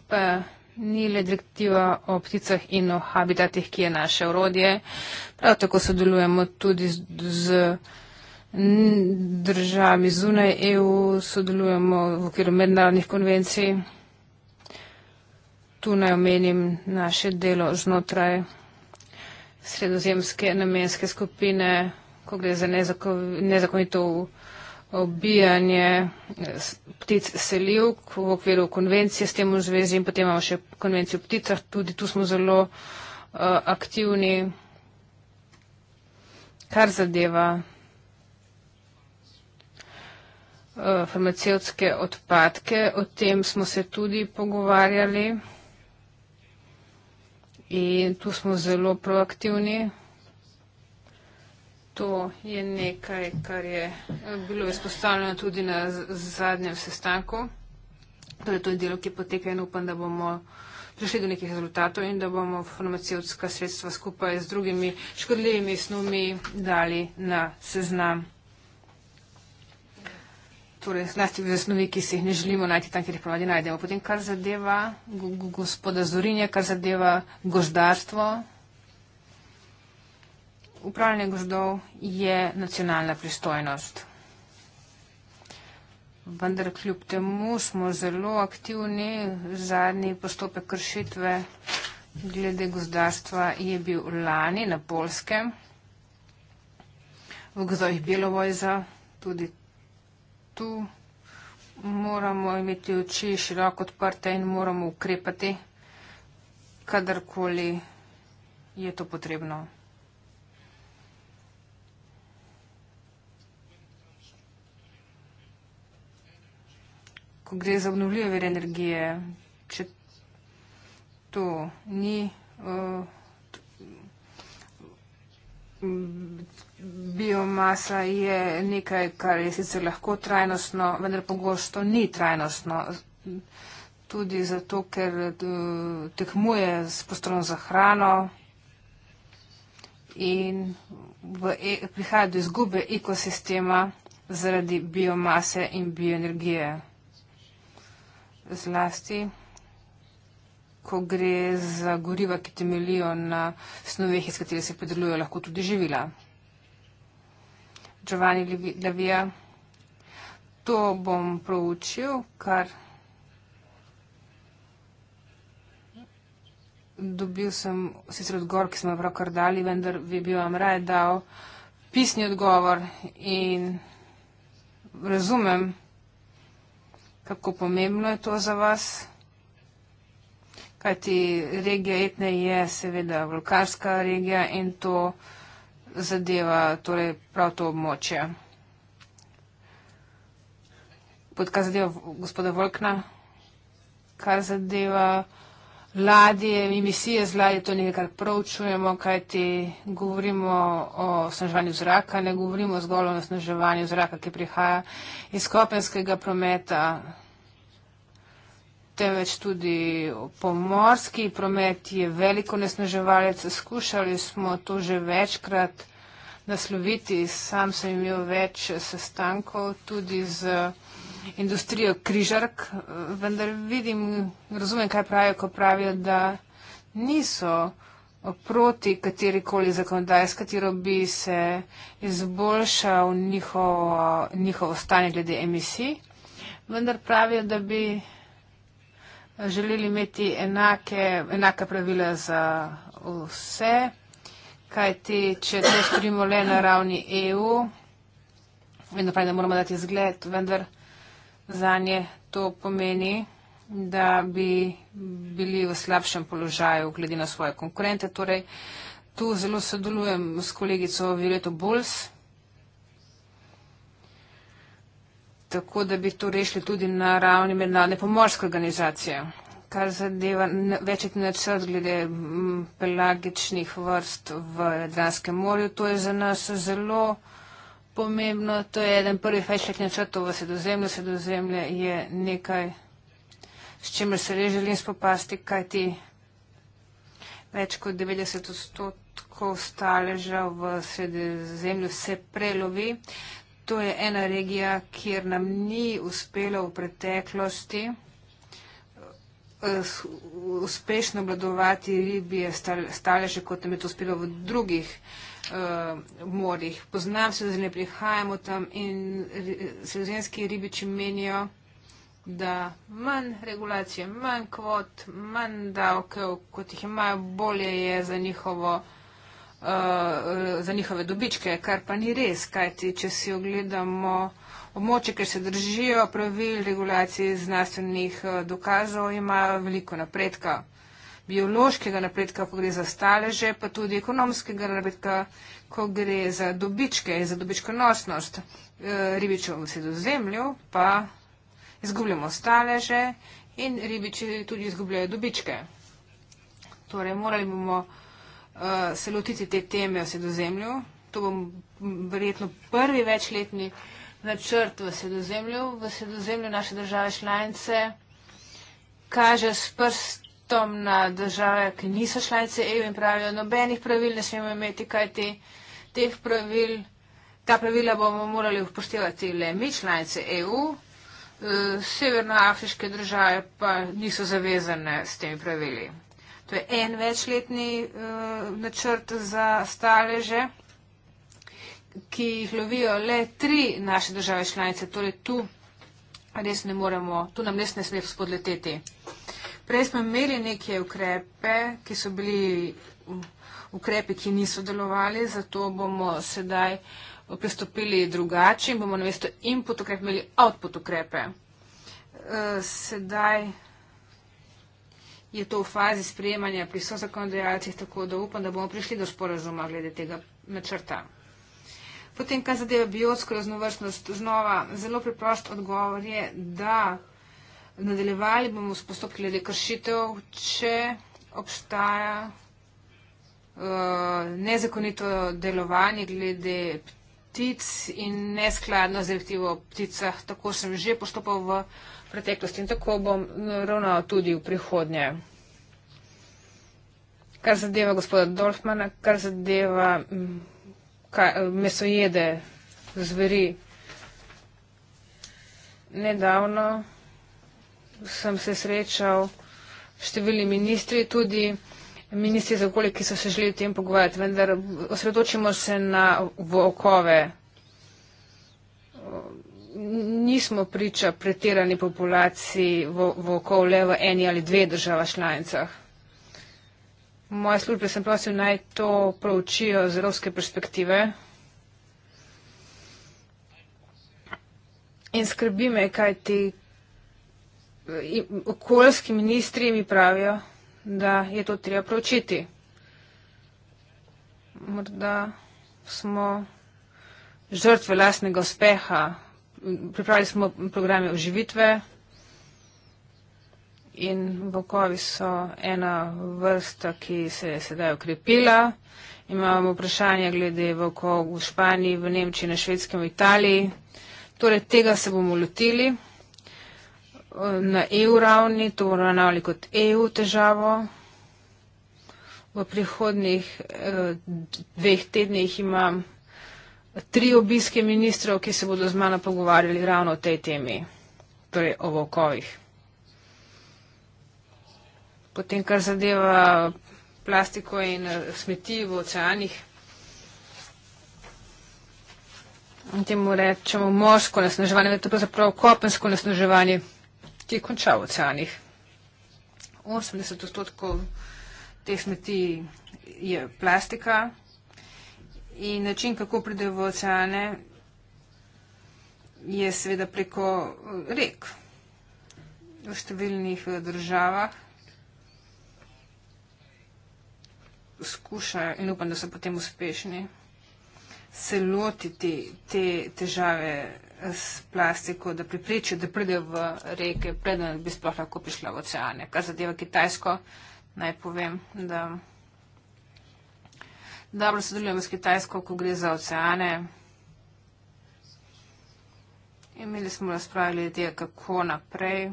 pa ni le direktiva o pticah in o habitatih, ki je naše urodje. Prav tako sodelujemo tudi z, z državami zunaj EU, sodelujemo v okviru mednarodnih konvencij. Tu naj omenim naše delo znotraj sredozemske namenske skupine, ko gre za nezakonito obijanje eh, ptic seliv v okviru konvencije s tem v zvezi in potem imamo še konvencijo o pticah. Tudi tu smo zelo uh, aktivni, kar zadeva uh, farmacevtske odpadke. O tem smo se tudi pogovarjali in tu smo zelo proaktivni. To je nekaj, kar je eh, bilo izpostavljeno tudi na zadnjem sestanku. Torej, to je delo, ki poteka in upam, da bomo prišli do nekih rezultatov in da bomo farmacijska sredstva skupaj z drugimi škodljivimi snumi dali na seznam torej zlasti v zasnovi, ki se jih ne želimo najti tam, kjer jih ponovadi najdemo. Potem, kar zadeva gospoda Zorinja, kar zadeva gozdarstvo, upravljanje gozdov je nacionalna pristojnost. Vendar kljub temu smo zelo aktivni. Zadnji postopek kršitve glede gozdarstva je bil lani na Polskem, v gozdovih Bjelovojza, tudi tukaj tu moramo imeti oči široko odprte in moramo ukrepati, kadarkoli je to potrebno. Ko gre za obnovljive vere energije, če to ni. Uh, Biomasa je nekaj, kar je sicer lahko trajnostno, vendar pogosto ni trajnostno. Tudi zato, ker tekmuje s prostorom za hrano in v, e, prihaja do izgube ekosistema zaradi biomase in bioenergije. Zlasti, ko gre za goriva, ki temelijo na snoveh, iz katerih se predelujejo lahko tudi živila. Giovanni da Via. To bom proučil, kar dobil sem sicer odgovor, ki smo ga pravkar dali, vendar bi vam raje dal pisni odgovor in razumem, kako pomembno je to za vas. Kajti regija Etne je seveda vulkarska regija in to zadeva torej prav to območje. Pod kar zadeva gospoda Volkna, kar zadeva ladje, emisije z ladje, to je nekaj, kar pravčujemo, kaj ti govorimo o osnaževanju zraka, ne govorimo zgolj o osnaževanju zraka, ki prihaja iz kopenskega prometa temveč tudi pomorski promet je veliko nesnaževalec. Skušali smo to že večkrat nasloviti. Sam sem imel več sestankov tudi z industrijo križark, vendar vidim, razumem, kaj pravijo, ko pravijo, da niso proti katerikoli zakonodaj, s katero bi se izboljšal njihovo njihov stanje glede emisij, vendar pravijo, da bi želeli imeti enake, enaka pravila za vse, kajti če to storimo le na ravni EU, vedno pravim, da moramo dati zgled, vendar za nje to pomeni, da bi bili v slabšem položaju glede na svoje konkurente. Torej, tu zelo sodelujem s kolegico Violeto Bulls. tako da bi to rešili tudi na ravni mednarodne pomorske organizacije, kar zadeva večjih načrt glede pelagičnih vrst v Jadranskem morju. To je za nas zelo pomembno. To je eden prvih večjih načrtov v sredozemlju. Sredozemlje je nekaj, s čimer se res želim spopasti, kajti več kot 90 odstotkov staleža v sredozemlju se prelovi. To je ena regija, kjer nam ni uspelo v preteklosti eh, uspešno obladovati ribje staleže, kot nam je to uspelo v drugih uh, morjih. Poznam se, da ne prihajamo tam in sredozemski ribiči menijo, da manj regulacije, manj kvot, manj davkov, kot jih imajo, bolje je za njihovo uh, uh, za njihove dobičke, kar pa ni res, kajti če si ogledamo območje, ker se držijo pravil regulacij znanstvenih eh, dokazov, imajo veliko napredka, biološkega napredka, ko gre za staleže, pa tudi ekonomskega napredka, ko gre za dobičke in za dobičkonosnost uh, ribičev v sredozemlju, pa izgubljamo staleže in ribiči tudi izgubljajo dobičke. Torej, morali bomo uh, se lotiti te teme o sredozemlju. To bom verjetno prvi večletni načrt v sredozemlju. V sredozemlju naše države članice kaže s prstom na države, ki niso članice EU in pravijo, nobenih pravil ne smemo imeti, kaj te, teh pravil. Ta pravila bomo morali upoštevati le mi, članice EU, eh, severnoafriške države pa niso zavezane s temi pravili. To je en večletni uh, načrt za staleže, ki jih lovijo le tri naše države članice. Torej tu, res ne moremo, tu nam res ne sme spodleteti. Prej smo imeli neke ukrepe, ki so bili ukrepe, ki niso delovali, zato bomo sedaj pristopili drugače in bomo na mesto input ukrep imeli output ukrepe. Uh, sedaj je to v fazi sprejemanja pri so zakonodajalcih, tako da upam, da bomo prišli do sporazuma glede tega načrta. Potem, kar zadeva biotsko raznovrstnost, znova zelo preprost odgovor je, da nadaljevali bomo s postopki glede kršitev, če obstaja uh, nezakonito delovanje glede ptic in neskladno z direktivo o pticah. Tako sem že postopal v preteklosti in tako bom ravnal tudi v prihodnje. Kar zadeva gospoda Dolfmana, kar zadeva mm, mesojede zveri. Nedavno sem se srečal številni ministri, tudi ministri za okolje, ki so se želeli o tem pogovarjati, vendar osredotočimo se na okove. Nismo priča pretirani populaciji volkov le v eni ali dve država članicah. Moje službe sem prosil naj to proučijo z evropske perspektive. In skrbi me, kaj ti okoljski ministri mi pravijo da je to treba pročiti. Morda smo žrtve lastnega uspeha, pripravili smo programe oživitve in bokovi so ena vrsta, ki se je sedaj okrepila. Imamo vprašanje glede vokov v Španiji, v Nemčiji, na Švedskem, v Italiji. Torej, tega se bomo lotili na EU ravni to uravnavali kot EU težavo. V prihodnih eh, dveh tednih imam tri obiske ministrov, ki se bodo z mano pogovarjali ravno o tej temi, torej o volkovih. Potem, kar zadeva plastiko in eh, smeti v oceanih, temu rečemo morsko nasnaževanje, da je to pravzaprav kopensko nasnaževanje ki je končal v oceanih. 80 odstotkov te smeti je plastika in način, kako pride v oceane, je seveda preko eh, rek v številnih eh, državah. Skušajo in upam, da so potem uspešni se lotiti te težave s plastiko, da pripričajo, da pride v reke, preden bi sploh lahko prišla v oceane. Kar zadeva Kitajsko, naj povem, da dobro sodelujemo s Kitajsko, ko gre za oceane. Imeli smo razpravljali, kako naprej.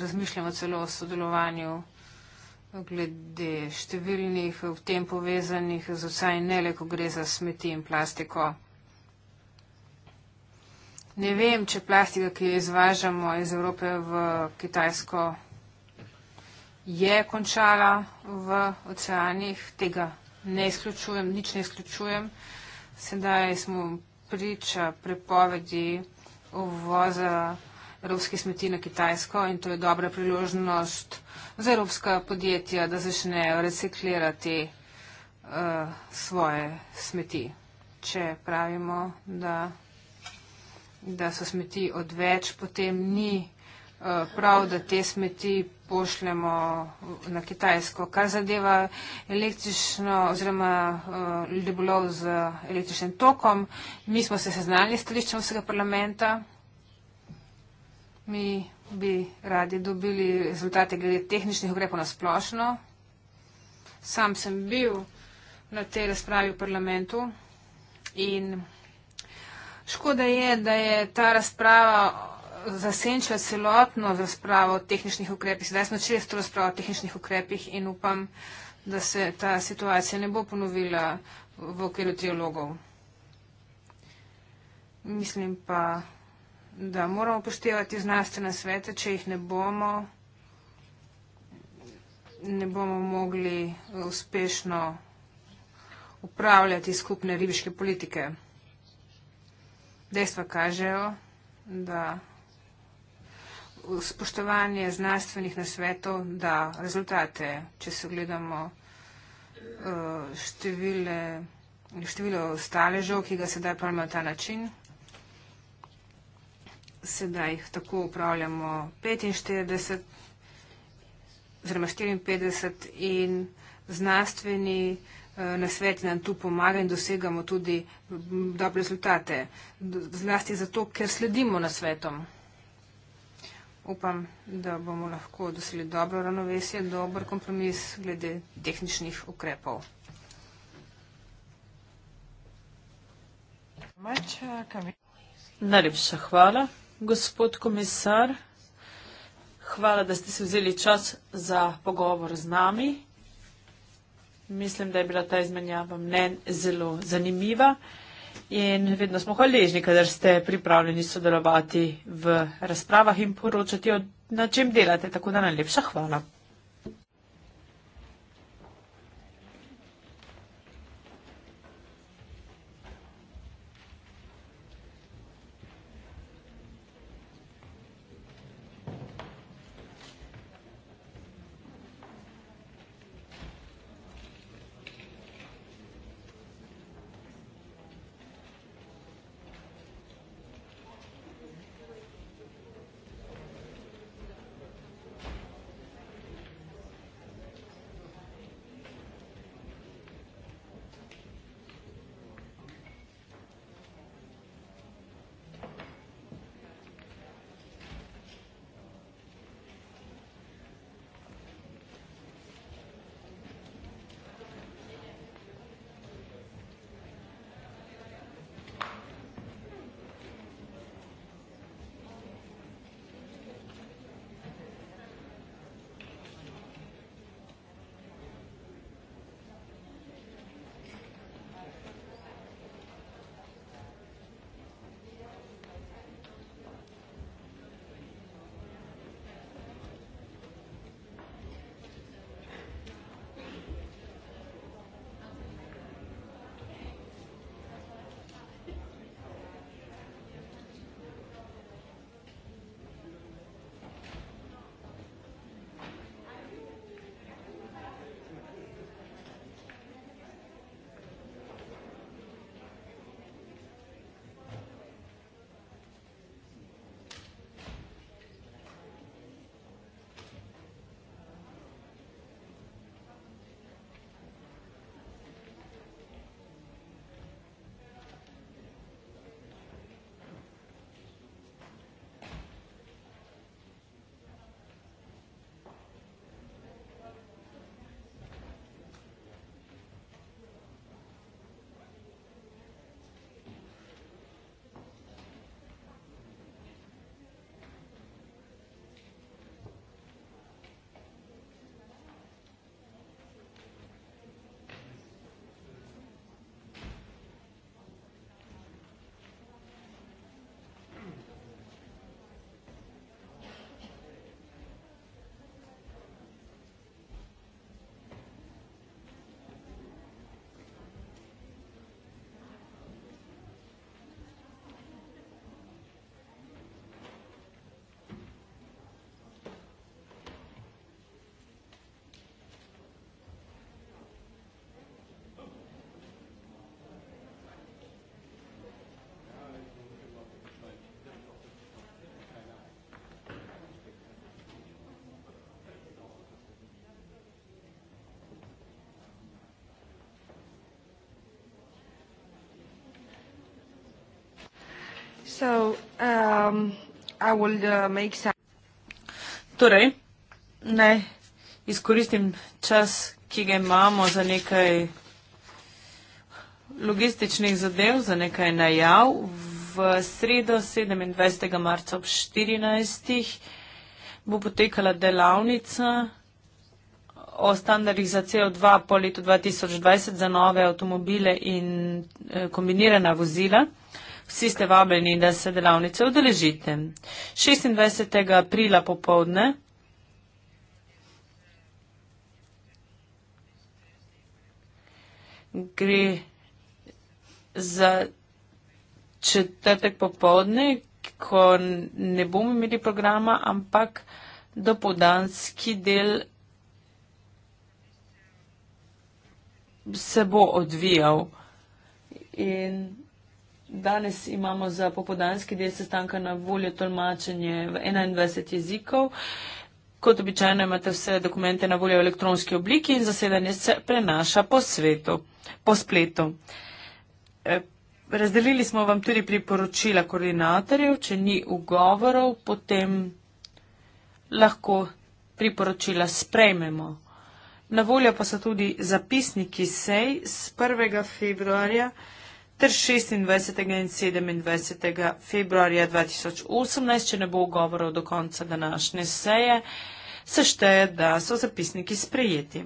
Razmišljamo celo o sodelovanju. Glede številnih v tem povezanih z vsaj ne le, ko gre za smeti in plastiko. Ne vem, če plastika, ki jo izvažamo iz Evrope v Kitajsko, je končala v oceanih. Tega ne izključujem, nič ne izključujem. Sedaj smo priča prepovedi uvoza evropske smeti na Kitajsko in to je dobra priložnost za evropska podjetja, da začnejo reciklirati uh, svoje smeti. Če pravimo, da, da so smeti odveč, potem ni uh, prav, da te smeti pošljemo na Kitajsko. Kar zadeva električno oziroma uh, eh, ljubolov z električnim tokom, mi smo se seznanili s stališčem vsega parlamenta. Mi bi radi dobili rezultate glede tehničnih ukrepov na splošno. Sam sem bil na tej razpravi v parlamentu in škoda je, da je ta razprava zasenčila celotno razpravo o tehničnih ukrepih. Zdaj smo začeli s to razpravo o tehničnih ukrepih in upam, da se ta situacija ne bo ponovila v okviru triologov. Mislim pa, da moramo upoštevati znanstvene svete, če jih ne bomo, ne bomo mogli eh, uspešno upravljati skupne ribiške politike. Dejstva kažejo, da spoštovanje znanstvenih nasvetov da rezultate, če se gledamo eh, število, število staležev, ki ga sedaj pravimo na ta način sedaj jih tako upravljamo 45 oziroma 54 in znanstveni eh, na svet nam tu pomaga in dosegamo tudi mm, dobre rezultate. Zlasti zato, ker sledimo na svetom. Upam, da bomo lahko dosili dobro ravnovesje, dober kompromis glede tehničnih ukrepov. Najlepša hvala. Gospod komisar, hvala, da ste se vzeli čas za pogovor z nami. Mislim, da je bila ta izmenjava mnen zelo zanimiva in vedno smo hvaležni, kadar ste pripravljeni sodelovati v razpravah in poročati, na čem delate. Tako da najlepša hvala. so um, I will uh, make some. Torej, ne izkoristim čas, ki ga imamo za nekaj logističnih zadev, za nekaj najav. V sredo 27. marca ob 14. bo potekala delavnica o standardih za CO2 po letu 2020 za nove avtomobile in eh, kombinirana vozila. Vsi ste vabljeni, da se delavnice udeležite. 26. aprila popovdne gre za četrtek popovdne, ko ne bomo imeli programa, ampak dopodanski del se bo odvijal. In Danes imamo za popodanski del sestanka na voljo tolmačenje v 21 jezikov. Kot običajno imate vse dokumente na voljo v elektronski obliki in zasedanje se prenaša po svetu, po spletu. E, razdelili smo vam tudi priporočila koordinatorjev, če ni ugovorov, potem lahko priporočila sprejmemo. Na voljo pa so tudi zapisniki sej z 1. februarja ter 26. in 27. februarja 2018, če ne bo govorov do konca današnje seje, se šteje, da so zapisniki sprejeti.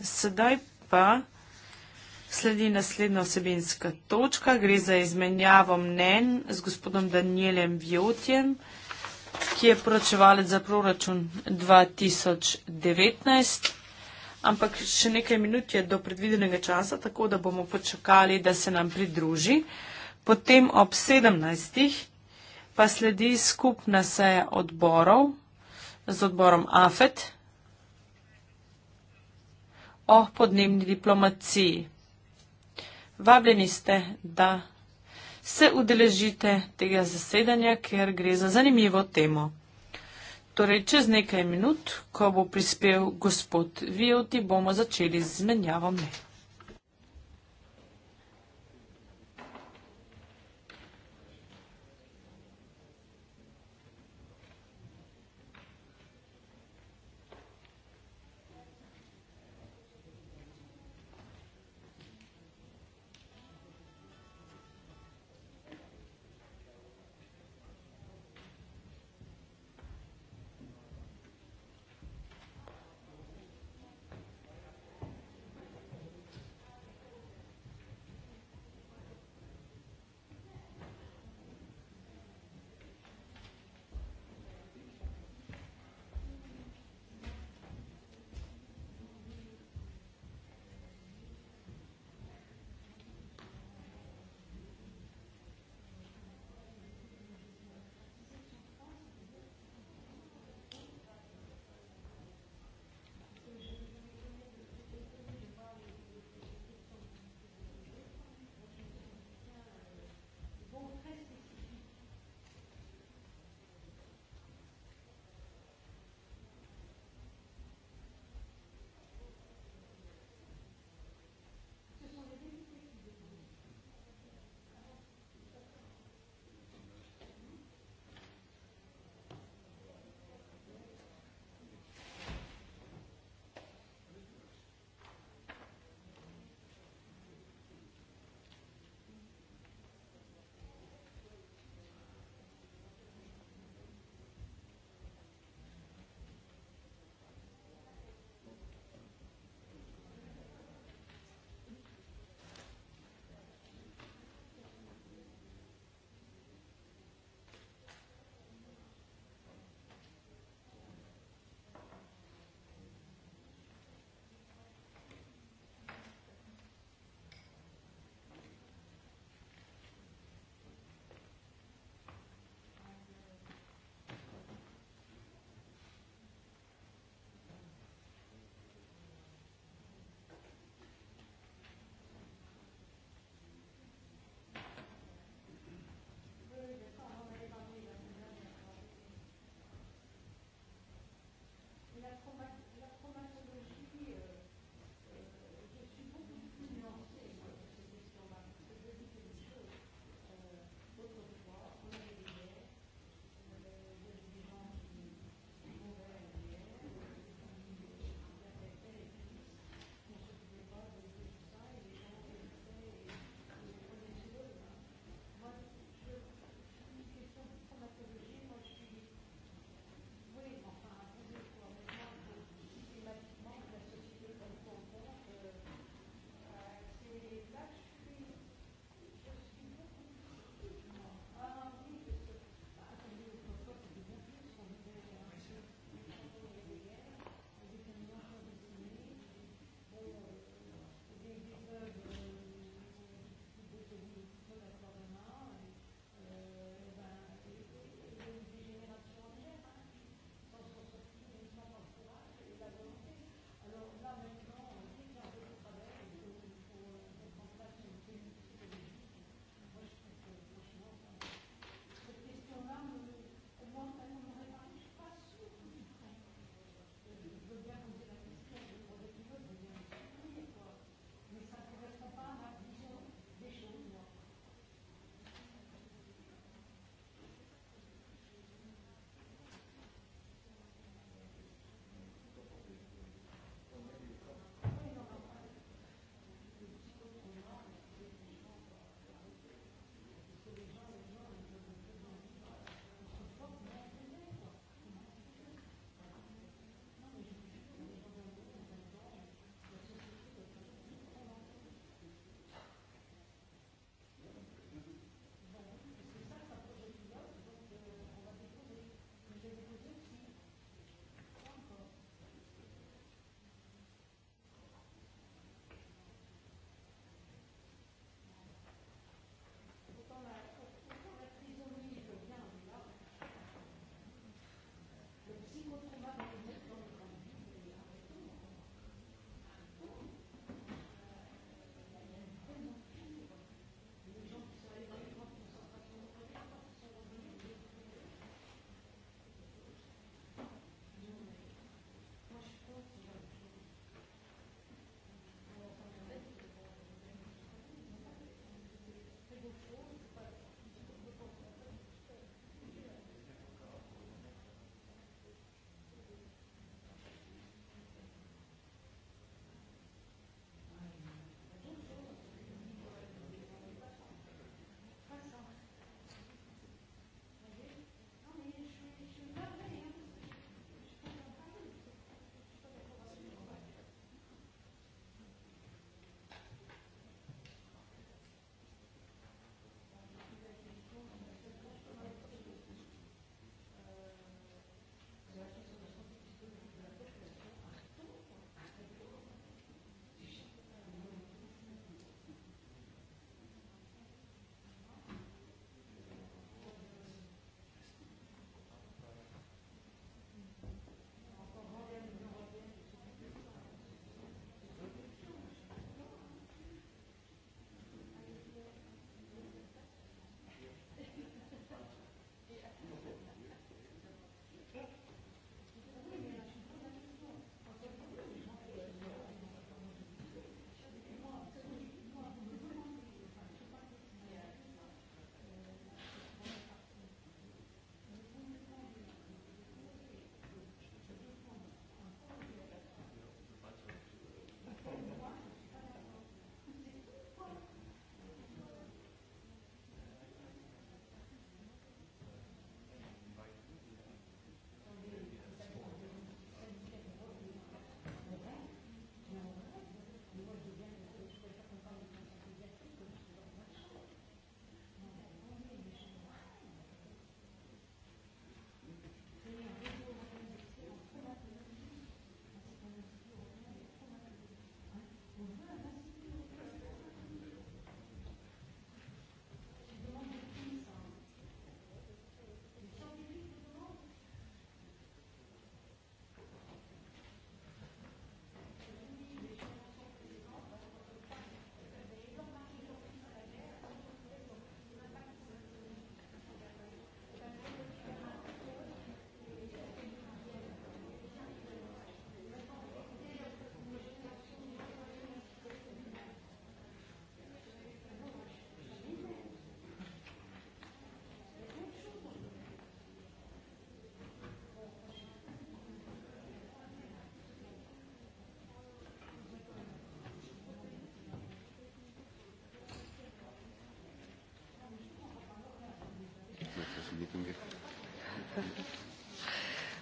Sedaj pa sledi naslednja osebinska točka, gre za izmenjavo mnen z gospodom Danielem Vjotjem, ki je poročevalec za proračun 2019 ampak še nekaj minut je do predvidenega časa, tako da bomo počakali, da se nam pridruži. Potem ob 17. pa sledi skupna seja odborov z odborom AFET o podnebni diplomaciji. Vabljeni ste, da se udeležite tega zasedanja, ker gre za zanimivo temo. Torej, čez nekaj minut, ko bo prispel gospod Vijoti, bomo začeli z menjavo mnenj.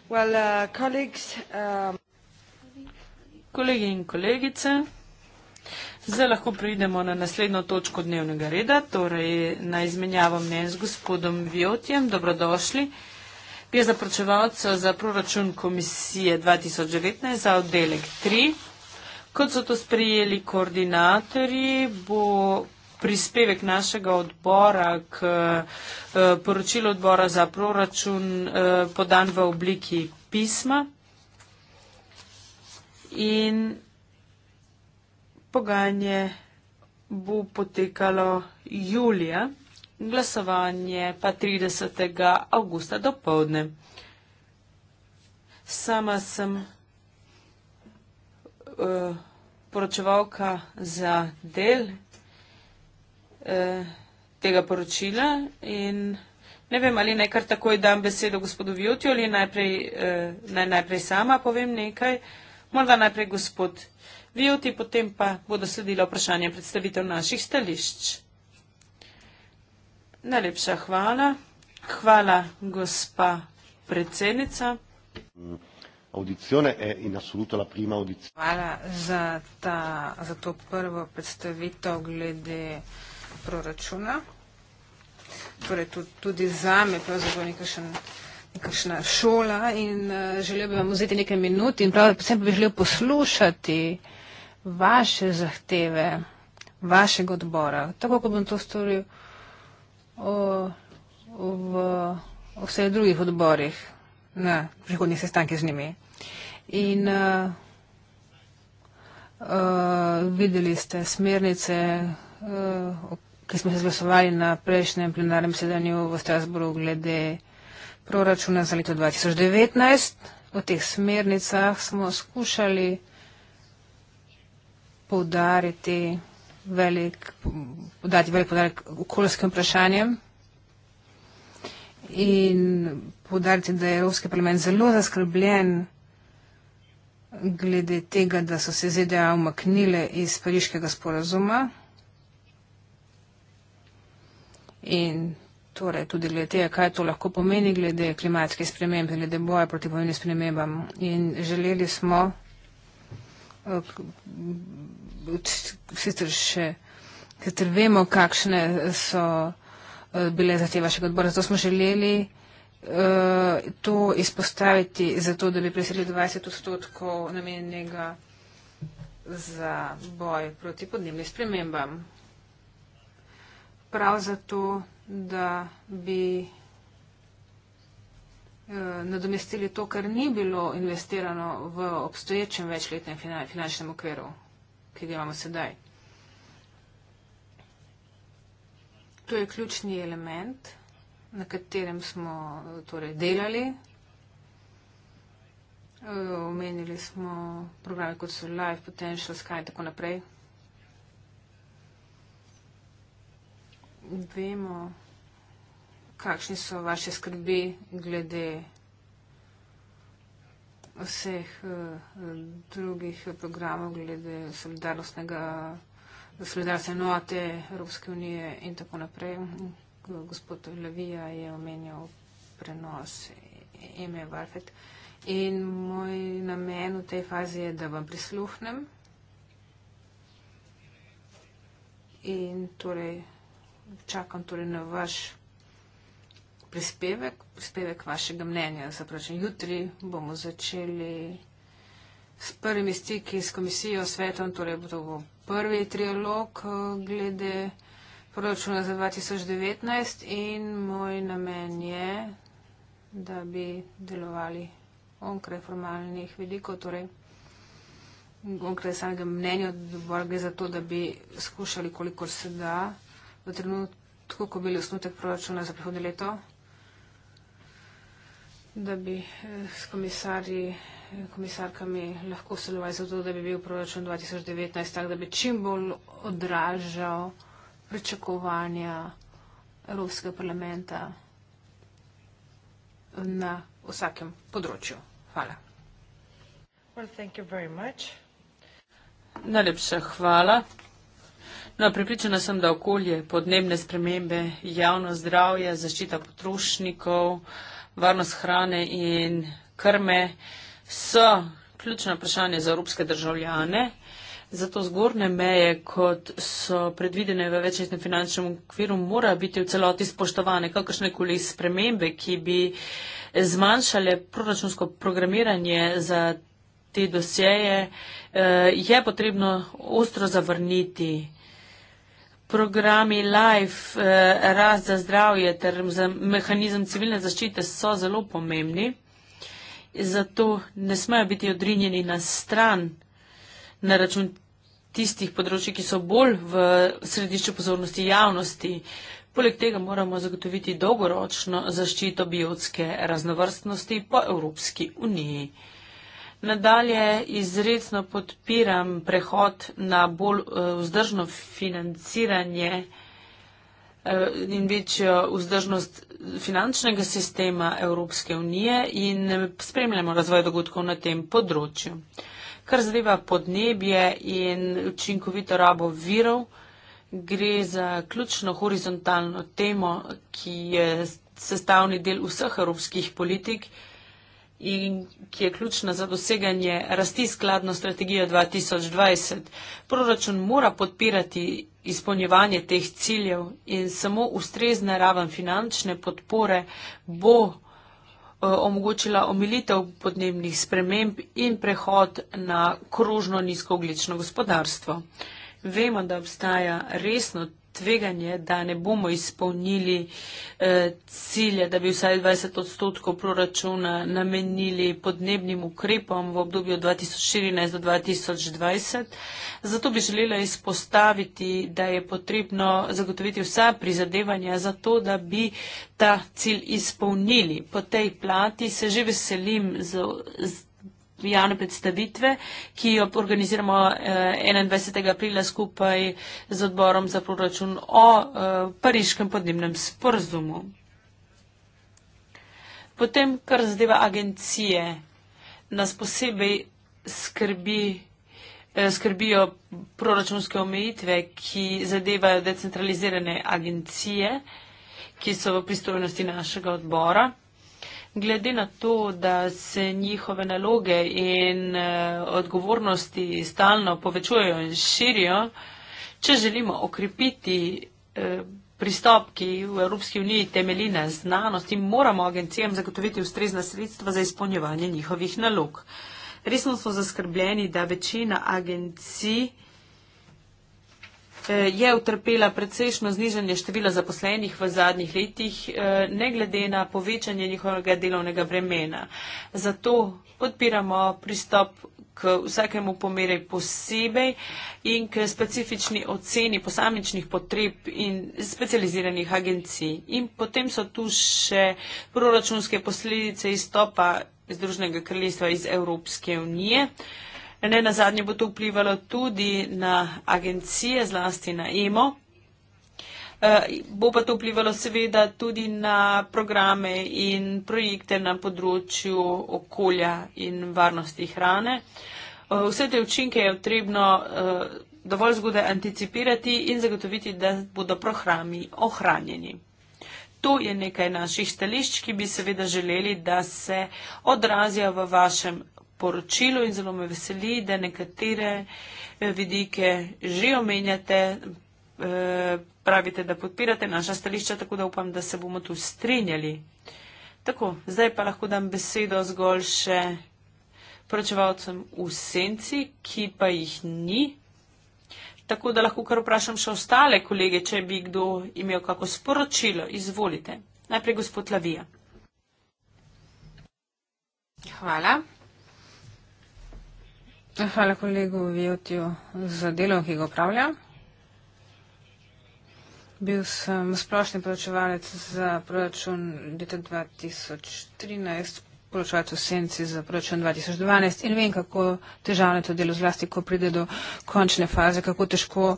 Well, uh, colleagues, um... Kolegi in kolegice, zdaj lahko pridemo na naslednjo točko dnevnega reda, torej na izmenjavo mnen z gospodom Vjotjem. Dobrodošli. Gre za pročevalca za proračun komisije 2019 za oddelek 3. Kot so to sprijeli koordinatorji, bo prispevek našega odbora k eh, poročilu odbora za proračun eh, podan v obliki pisma in pogajanje bo potekalo julija, glasovanje pa 30. augusta do povdne. Sama sem uh, poročevalka za del eh, tega poročila in ne vem, ali naj kar takoj dam besedo gospodu Vjotju ali najprej, eh, naj najprej sama povem nekaj. Morda najprej gospod Vjotji, potem pa bodo sledila vprašanje predstavitev naših stališč. Najlepša hvala. Hvala, gospa predsednica. Hvala za, ta, za to prvo predstavitev glede proračuna. Torej, tudi za me pravzaprav nekakšna šola in eh, želel bi vam vzeti nekaj minut in predvsem bi želel poslušati vaše zahteve vašega odbora. Tako, kot bom to storil o, v vseh drugih odborih na prihodnih sestankih z njimi. In uh, uh, videli ste smernice, uh, ki smo se glasovali na prejšnjem plenarnem sedanju v Strasburu glede proračuna za leto 2019. O teh smernicah smo skušali poudariti velik, podati velik podarek okoljskim vprašanjem in poudariti, da je Evropski parlament zelo zaskrbljen glede tega, da so se ZDA umaknile iz pariškega sporazuma in torej tudi glede, kaj to lahko pomeni glede klimatskih sprememb, glede boja proti pomembnim spremembam. In želeli smo, eh, sicer še, sicer vemo, kakšne so eh, bile zahteve vašega odbora, zato smo želeli eh, to izpostaviti zato, da bi preselili 20 odstotkov namenjenega za boj proti podnebnim spremembam prav zato, da bi eh, nadomestili to, kar ni bilo investirano v obstoječem večletnem finančnem okviru, ki ga imamo sedaj. To je ključni element, na katerem smo torej, delali. Eh, omenili smo programe kot so Life Potential Sky in tako naprej. vemo, kakšne so vaše skrbi glede vseh eh, drugih programov, glede solidarnostnega, solidarnostne note Evropske unije in tako naprej. Gospod Levija je omenjal prenos ime Varfet. In moj namen v tej fazi je, da vam prisluhnem. In torej čakam torej na vaš prispevek, prispevek vašega mnenja. Zapračen, jutri bomo začeli s prvimi stiki s komisijo svetom, torej bo to bo prvi trialog eh, glede proračuna za 2019 in moj namen je, da bi delovali onkraj formalnih vidikov, torej onkraj samega mnenja, da bi skušali kolikor se da v trenutku, ko bi bil osnutek proračuna za prihodne leto, da bi eh, s komisarji in eh, komisarkami lahko sodelovali za to, da bi bil proračun 2019 tak, da bi čim bolj odražal pričakovanja Evropskega parlamenta na vsakem področju. Hvala. Well, thank you very much. Najlepša hvala. No, pripričana sem, da okolje, podnebne spremembe, javno zdravje, zaščita potrošnikov, varnost hrane in krme so ključna vprašanja za evropske državljane. Zato zgornje meje, kot so predvidene v večletnem finančnem okviru, mora biti v celoti spoštovane. Kakršne koli spremembe, ki bi zmanjšale proračunsko programiranje za te dosjeje, eh, je potrebno ostro zavrniti programi LIFE, eh, rast za zdravje ter za mehanizem civilne zaščite so zelo pomembni. Zato ne smejo biti odrinjeni na stran na račun tistih področji, ki so bolj v središču pozornosti javnosti. Poleg tega moramo zagotoviti dolgoročno zaščito biotske raznovrstnosti po Evropski uniji. Nadalje izredno podpiram prehod na bolj eh, vzdržno financiranje eh, in večjo vzdržnost finančnega sistema Evropske unije in spremljamo razvoj dogodkov na tem področju. Kar zadeva podnebje in učinkovito rabo virov, gre za ključno horizontalno temo, ki je sestavni del vseh evropskih politik in ki je ključna za doseganje rasti skladno strategijo 2020. Proračun mora podpirati izpolnjevanje teh ciljev in samo ustrezna raven finančne podpore bo eh, omogočila omilitev podnebnih sprememb in prehod na krožno nizkoglično gospodarstvo. Vemo, da obstaja resno tveganje, da ne bomo izpolnili eh, cilja, da bi vsaj 20 odstotkov proračuna namenili podnebnim ukrepom v obdobju 2014 do 2020. Zato bi želela izpostaviti, da je potrebno zagotoviti vsa prizadevanja za to, da bi ta cilj izpolnili. Po tej plati se že veselim z. z javne predstavitve, ki jo organiziramo 21. Eh, aprila skupaj z odborom za proračun o eh, pariškem podnebnem sporazumu. Potem, kar zadeva agencije, nas posebej skrbi, eh, skrbijo proračunske omejitve, ki zadevajo decentralizirane agencije, ki so v pristojnosti našega odbora. Glede na to, da se njihove naloge in eh, odgovornosti stalno povečujejo in širijo, če želimo okrepiti eh, pristop, ki v Evropski uniji temelji na znanosti, moramo agencijam zagotoviti ustrezna sredstva za izpolnjevanje njihovih nalog. Resno smo zaskrbljeni, da večina agencij Eh, je utrpela precejšno znižanje števila zaposlenih v zadnjih letih, eh, ne glede na povečanje njihovega delovnega bremena. Zato podpiramo pristop k vsakemu pomere posebej in k specifični oceni posamičnih potreb in specializiranih agencij. In potem so tu še proračunske posledice izstopa Združenega kraljestva iz Evropske unije. Uh, Ne na zadnje bo to vplivalo tudi na agencije, zlasti na EMO. Eh, bo pa to vplivalo seveda tudi na programe in projekte na področju okolja in varnosti hrane. Eh, vse te učinke je potrebno eh, dovolj zgodaj anticipirati in zagotoviti, da bodo prohrami ohranjeni. To je nekaj naših stališč, ki bi seveda želeli, da se odrazijo v vašem poročilu in zelo me veseli, da nekatere eh, vidike že omenjate, eh, pravite, da podpirate naša stališča, tako da upam, da se bomo tu strinjali. Tako, zdaj pa lahko dam besedo zgolj še poročevalcem v senci, ki pa jih ni. Tako da lahko kar vprašam še ostale kolege, če bi kdo imel kako sporočilo. Izvolite. Najprej gospod Lavija. Hvala. Hvala kolegu Vjotju za delo, ki ga upravlja. Bil sem splošni poročevalec za proračun leta 2013, poročevalec v senci za proračun 2012 in vem, kako težavno je to delo zlasti, ko pride do končne faze, kako težko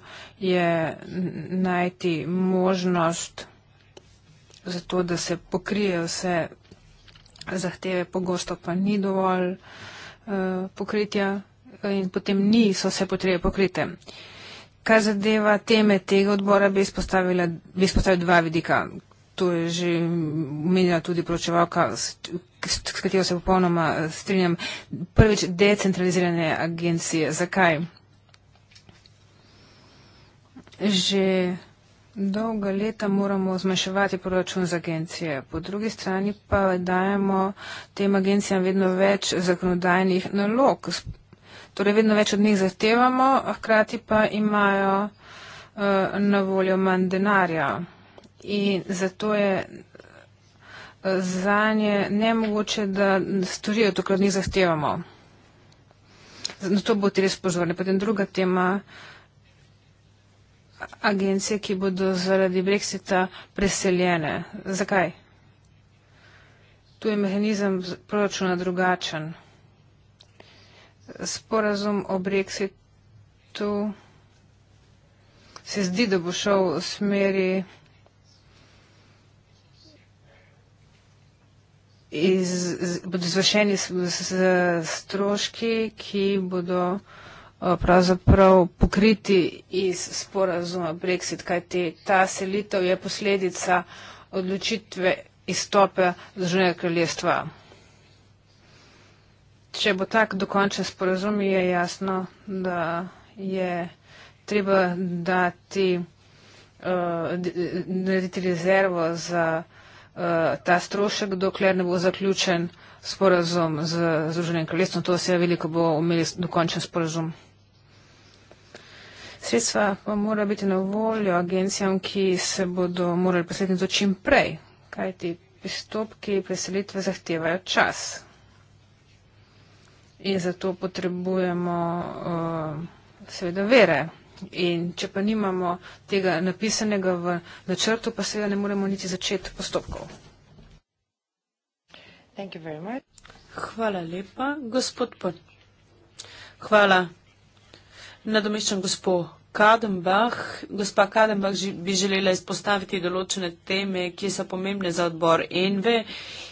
je najti možnost za to, da se pokrije vse zahteve, pogosto pa ni dovolj uh, pokritja in potem niso vse potrebe pokrite. Kar zadeva teme tega odbora, bi, bi izpostavil dva vidika. To je že omenila tudi poročevalka, s katero se popolnoma eh, strinjam. Prvič, decentralizirane agencije. Zakaj? Že dolga leta moramo zmanjševati proračun za agencije, po drugi strani pa dajemo tem agencijam vedno več zakonodajnih nalog, Torej, vedno več od njih zahtevamo, hkrati pa imajo uh, na voljo manj denarja. In zato je uh, eh, za nje nemogoče, da storijo to, kar od njih zahtevamo. Na to bo ti res pozorni. Potem druga tema. Agencije, ki bodo zaradi brexita preseljene. Zakaj? Tu je mehanizem proračuna drugačen sporazum o Brexitu se zdi, da bo šel v smeri bodo izvršeni z stroški, ki bodo eh, pravzaprav pokriti iz sporazuma Brexit, kajti ta selitev je posledica odločitve izstope Združenega kraljestva če bo tak dokončen sporozum, je jasno, da je treba dati, uh, narediti rezervo za uh, ta strošek, dokler ne bo zaključen sporozum z Združenim kraljestvom. To se je veliko bo imeli dokončen sporozum. Sredstva pa mora biti na voljo agencijam, ki se bodo morali presletiti čim prej, kajti pristopki preselitve zahtevajo čas in zato potrebujemo uh, seveda vere. In če pa nimamo tega napisanega v načrtu, pa seveda ne moremo niti začeti postopkov. Hvala lepa, gospod Pr. Hvala. Nadomeščam gospod Kadenbach. Gospa Kadenbach bi želela izpostaviti določene teme, ki so pomembne za odbor ENVE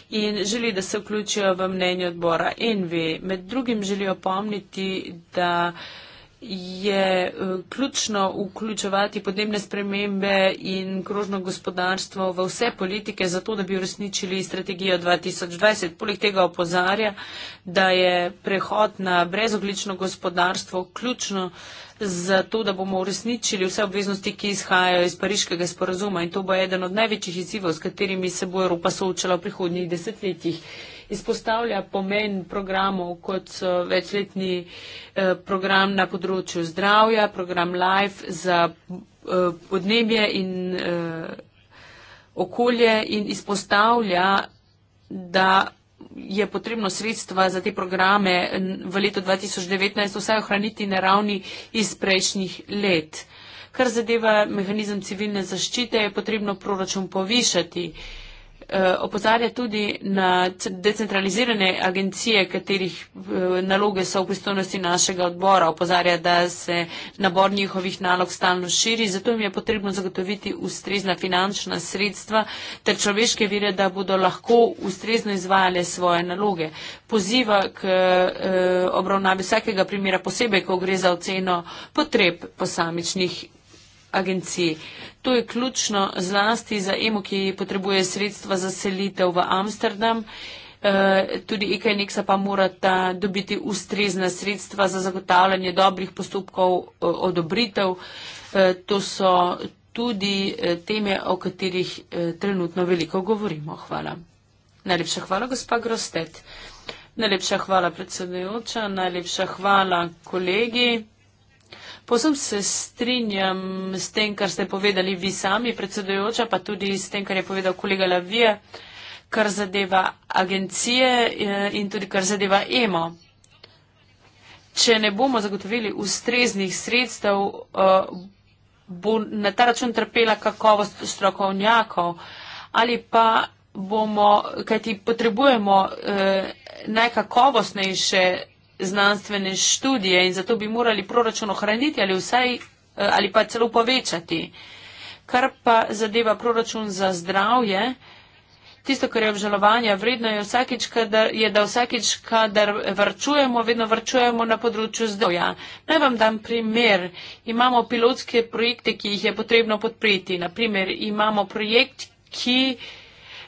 in želi, da se vključijo v mnenje odbora NV. Med drugim želijo pomniti, da je eh, ključno vključevati podnebne spremembe in krožno gospodarstvo v vse politike, zato da bi uresničili strategijo 2020. Poleg tega opozarja, da je prehod na brezoglično gospodarstvo ključno za to, da bomo uresničili vse obveznosti, ki izhajajo iz pariškega sporazuma in to bo eden od največjih izzivov, s katerimi se bo Evropa soočala v prihodnjih desetletjih izpostavlja pomen programov kot večletni eh, program na področju zdravja, program Life za eh, podnebje in eh, okolje in izpostavlja, da je potrebno sredstva za te programe v letu 2019 vsaj ohraniti na ravni iz prejšnjih let. Kar zadeva mehanizem civilne zaščite, je potrebno proračun povišati. Uh, Eh, opozarja tudi na decentralizirane agencije, katerih eh, naloge so v pristojnosti našega odbora. Opozarja, da se nabor njihovih nalog stalno širi, zato jim je potrebno zagotoviti ustrezna finančna sredstva ter človeške vire, da bodo lahko ustrezno izvajale svoje naloge. Poziva k eh, obravnavi vsakega primera posebej, ko gre za oceno potreb posamičnih agencij. To je ključno zlasti za EMO, ki potrebuje sredstva za selitev v Amsterdam. Eh, tudi IKA in IKSA pa morata dobiti ustrezna sredstva za zagotavljanje dobrih postopkov eh, odobritev. Eh, to so tudi teme, o katerih trenutno veliko govorimo. Hvala. Najlepša hvala, gospa Grostet. Najlepša hvala, predsedujoča. Najlepša hvala, kolegi. Posem se strinjam s tem, kar ste povedali vi sami, predsedujoča, pa tudi s tem, kar je povedal kolega Lavija, kar zadeva agencije eh, in tudi kar zadeva EMO. Če ne bomo zagotovili ustreznih sredstev, eh, bo na ta račun trpela kakovost strokovnjakov ali pa bomo, kajti potrebujemo eh, najkakovostnejše znanstvene študije in zato bi morali proračun ohraniti ali, vsaj, eh, ali pa celo povečati. Kar pa zadeva proračun za zdravje, tisto, kar je obžalovanja vredno, je, vsakič, kadar, je da vsakič, kadar vrčujemo, vedno vrčujemo na področju zdravja. Naj vam dam primer. Imamo pilotske projekte, ki jih je potrebno podpreti. Naprimer, imamo projekt, ki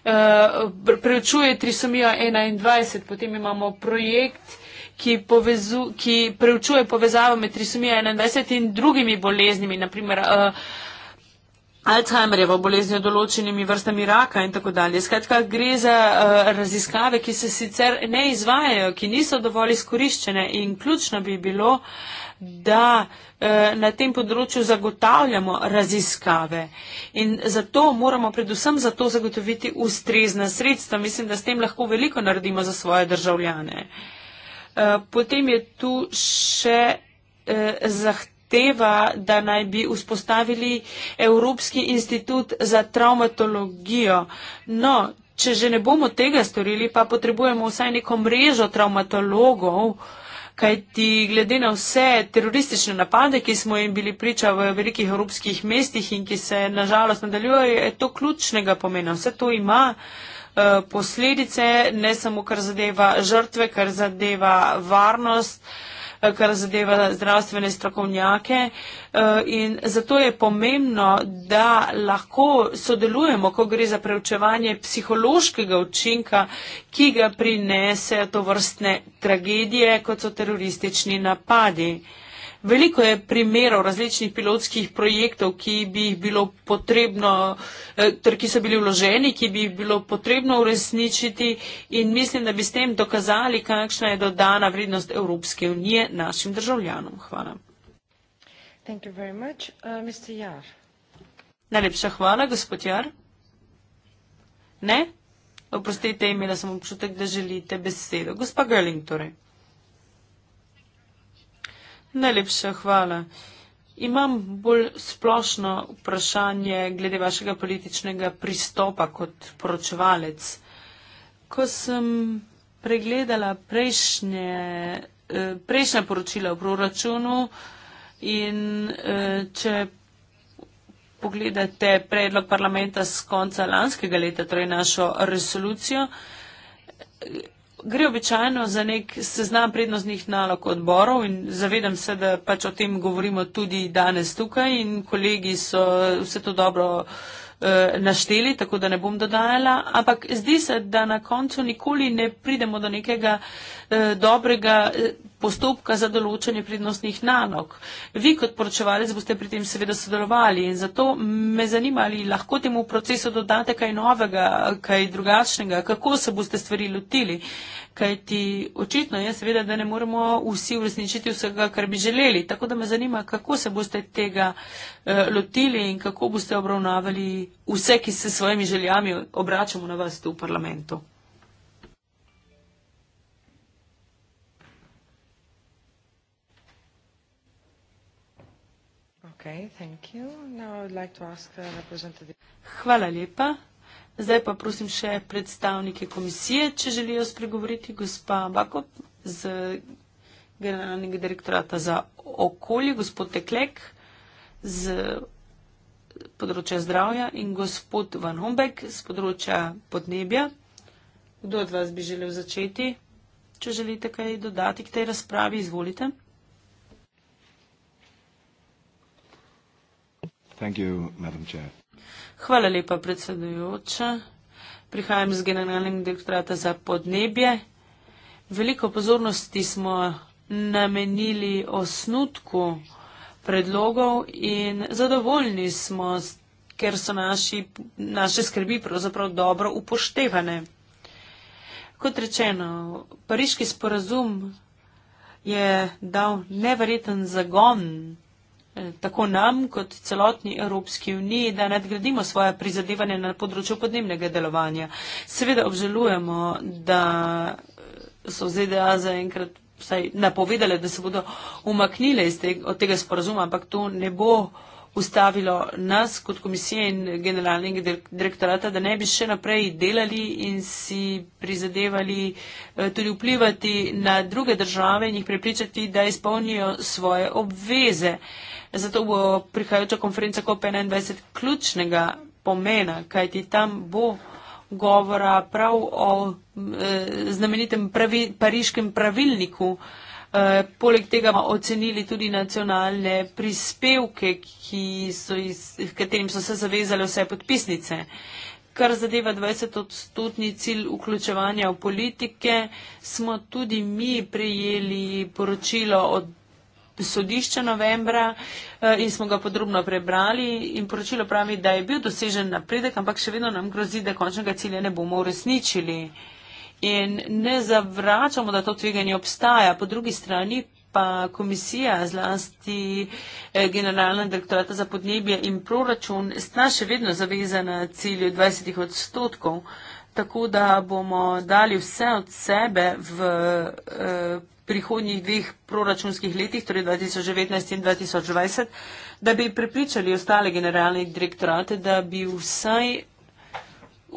uh, preučuje trisomijo 21, potem imamo projekt, ki, povezu, ki preučuje povezavo med trisomijo 21 in drugimi boleznimi, naprimer uh, eh, Alzheimerjevo boleznijo določenimi vrstami raka in tako dalje. Skratka, gre za uh, raziskave, ki se sicer ne izvajajo, ki niso dovolj izkoriščene in ključno bi bilo, da eh, na tem področju zagotavljamo raziskave in zato moramo predvsem za to zagotoviti ustrezna sredstva. Mislim, da s tem lahko veliko naredimo za svoje državljane. Uh, Eh, potem je tu še eh, zahteva, da naj bi vzpostavili Evropski institut za traumatologijo. No, če že ne bomo tega storili, pa potrebujemo vsaj neko mrežo traumatologov, kajti glede na vse teroristične napade, ki smo jim bili priča v velikih evropskih mestih in ki se nažalost nadaljujejo, je to ključnega pomena. Vse to ima. Uh, Eh, posledice, ne samo kar zadeva žrtve, kar zadeva varnost, eh, kar zadeva zdravstvene strokovnjake. Eh, in zato je pomembno, da lahko sodelujemo, ko gre za preučevanje psihološkega učinka, ki ga prinese to vrstne tragedije, kot so teroristični napadi. Veliko je primerov različnih pilotskih projektov, ki bi jih bilo potrebno, eh, ter ki so bili vloženi, ki bi jih bilo potrebno uresničiti in mislim, da bi s tem dokazali, kakšna je dodana vrednost Evropske unije našim državljanom. Hvala. Uh, Najlepša hvala, gospod Jar. Ne? Oprostite, imela sem občutek, da želite besedo. Gospa Gerling, torej. Najlepša hvala. Imam bolj splošno vprašanje glede vašega političnega pristopa kot poročevalec. Ko sem pregledala prejšnje, eh, prejšnja poročila v proračunu in eh, če pogledate predlog parlamenta z konca lanskega leta, torej našo resolucijo, gre običajno za nek seznam prednostnih nalog odborov in zavedam se, da pač o tem govorimo tudi danes tukaj in kolegi so vse to dobro eh, našteli, tako da ne bom dodajala, ampak zdi se, da na koncu nikoli ne pridemo do nekega eh, dobrega eh, postopka za določanje prednostnih nalog. Vi kot poročevalec boste pri tem seveda sodelovali in zato me zanima, ali lahko temu procesu dodate kaj novega, kaj drugačnega, kako se boste stvari lotili. Kaj ti očitno je seveda, da ne moremo vsi uresničiti vsega, kar bi želeli. Tako da me zanima, kako se boste tega eh, lotili in kako boste obravnavali vse, ki se svojimi željami obračamo na vas tu v parlamentu. Uh, Hvala lepa. Zdaj pa prosim še predstavnike komisije, če želijo spregovoriti. Gospa Bakop z generalnega direktorata za okolje, gospod Teklek z področja zdravja in gospod Van Hombek z področja podnebja. Kdo od vas bi želel začeti? Če želite kaj dodati k tej razpravi, izvolite. Thank you, Madam Chair. Hvala lepa, predsedujoča. Prihajam z generalnim direktorata za podnebje. Veliko pozornosti smo namenili osnutku predlogov in zadovoljni smo, ker so naši, naše skrbi pravzaprav dobro upoštevane. Kot rečeno, pariški sporazum je dal neverjeten zagon tako nam kot celotni Evropski uniji, da nadgradimo svoje prizadevanje na področju podnebnega delovanja. Seveda obžalujemo, da so ZDA zaenkrat napovedale, da se bodo umaknile te, od tega sporazuma, ampak to ne bo ustavilo nas kot komisije in generalnega direktorata, da ne bi še naprej delali in si prizadevali eh, tudi vplivati na druge države in jih prepričati, da izpolnijo svoje obveze. Zato bo prihajajoča konferenca COP21 ključnega pomena, kajti tam bo govora prav o e, znamenitem pravi, pariškem pravilniku. E, poleg tega bomo ocenili tudi nacionalne prispevke, v katerim so se zavezali vse podpisnice. Kar zadeva 20 odstotni cilj vključevanja v politike, smo tudi mi prejeli poročilo od sodišča novembra eh, in smo ga podrobno prebrali in poročilo pravi, da je bil dosežen napredek, ampak še vedno nam grozi, da končnega cilja ne bomo uresničili. In ne zavračamo, da to tveganje obstaja. Po drugi strani pa komisija zlasti eh, Generalna direktorata za podnebje in proračun sta še vedno zavezana cilju 20 odstotkov, tako da bomo dali vse od sebe v. Eh, prihodnjih dveh proračunskih letih, torej 2019 in 2020, da bi prepričali ostale generalne direktorate, da bi vsaj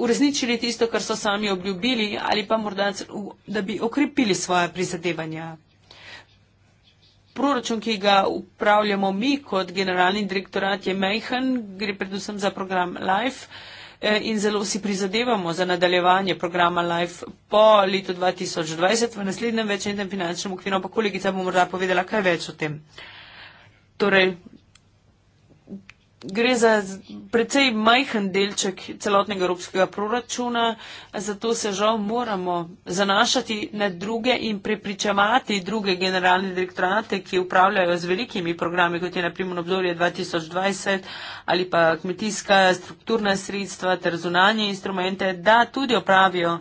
uresničili tisto, kar so sami obljubili ali pa morda, da bi okrepili svoje prizadevanja. Proračun, ki ga upravljamo mi kot generalni direktorat je mejhen, gre predvsem za program LIFE. Eh, in zelo si prizadevamo za nadaljevanje programa LIFE po letu 2020 v naslednjem večjem finančnem okviru, ampak kolegica bo morda povedala kaj več o tem. Torej, gre za precej majhen delček celotnega evropskega proračuna, zato se žal moramo zanašati na druge in prepričevati druge generalne direktorate, ki upravljajo z velikimi programi, kot je naprimer obdobje 2020 ali pa kmetijska strukturna sredstva ter zunanje instrumente, da tudi opravijo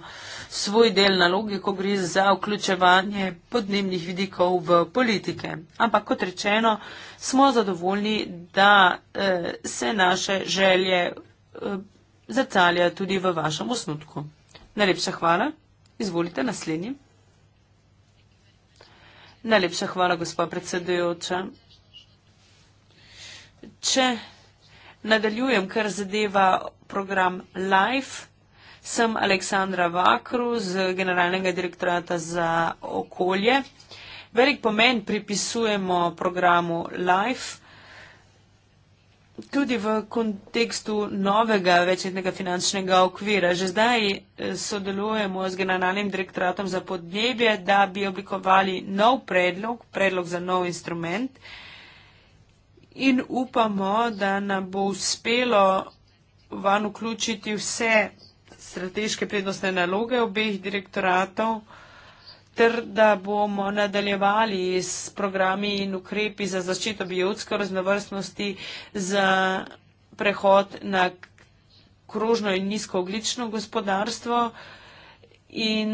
svoj del naloge, ko gre za vključevanje podnebnih vidikov v politike. Ampak kot rečeno, smo zadovoljni, da eh, se naše želje eh, zacalja tudi v vašem osnutku. Najlepša hvala. Izvolite naslednji. Najlepša hvala, gospod predsedujoča. Če nadaljujem, kar zadeva program LIFE. Sem Aleksandra Vakru z Generalnega direktorata za okolje. Velik pomen pripisujemo programu LIFE. Tudi v kontekstu novega večletnega finančnega okvira. Že zdaj eh, sodelujemo z generalnim direktoratom za podnebje, da bi oblikovali nov predlog, predlog za nov instrument. In upamo, da nam bo uspelo van vključiti vse strateške prednostne naloge obeh direktoratov ter da bomo nadaljevali s programi in ukrepi za zaščito biotske raznovrstnosti za prehod na krožno in nizkooglično gospodarstvo in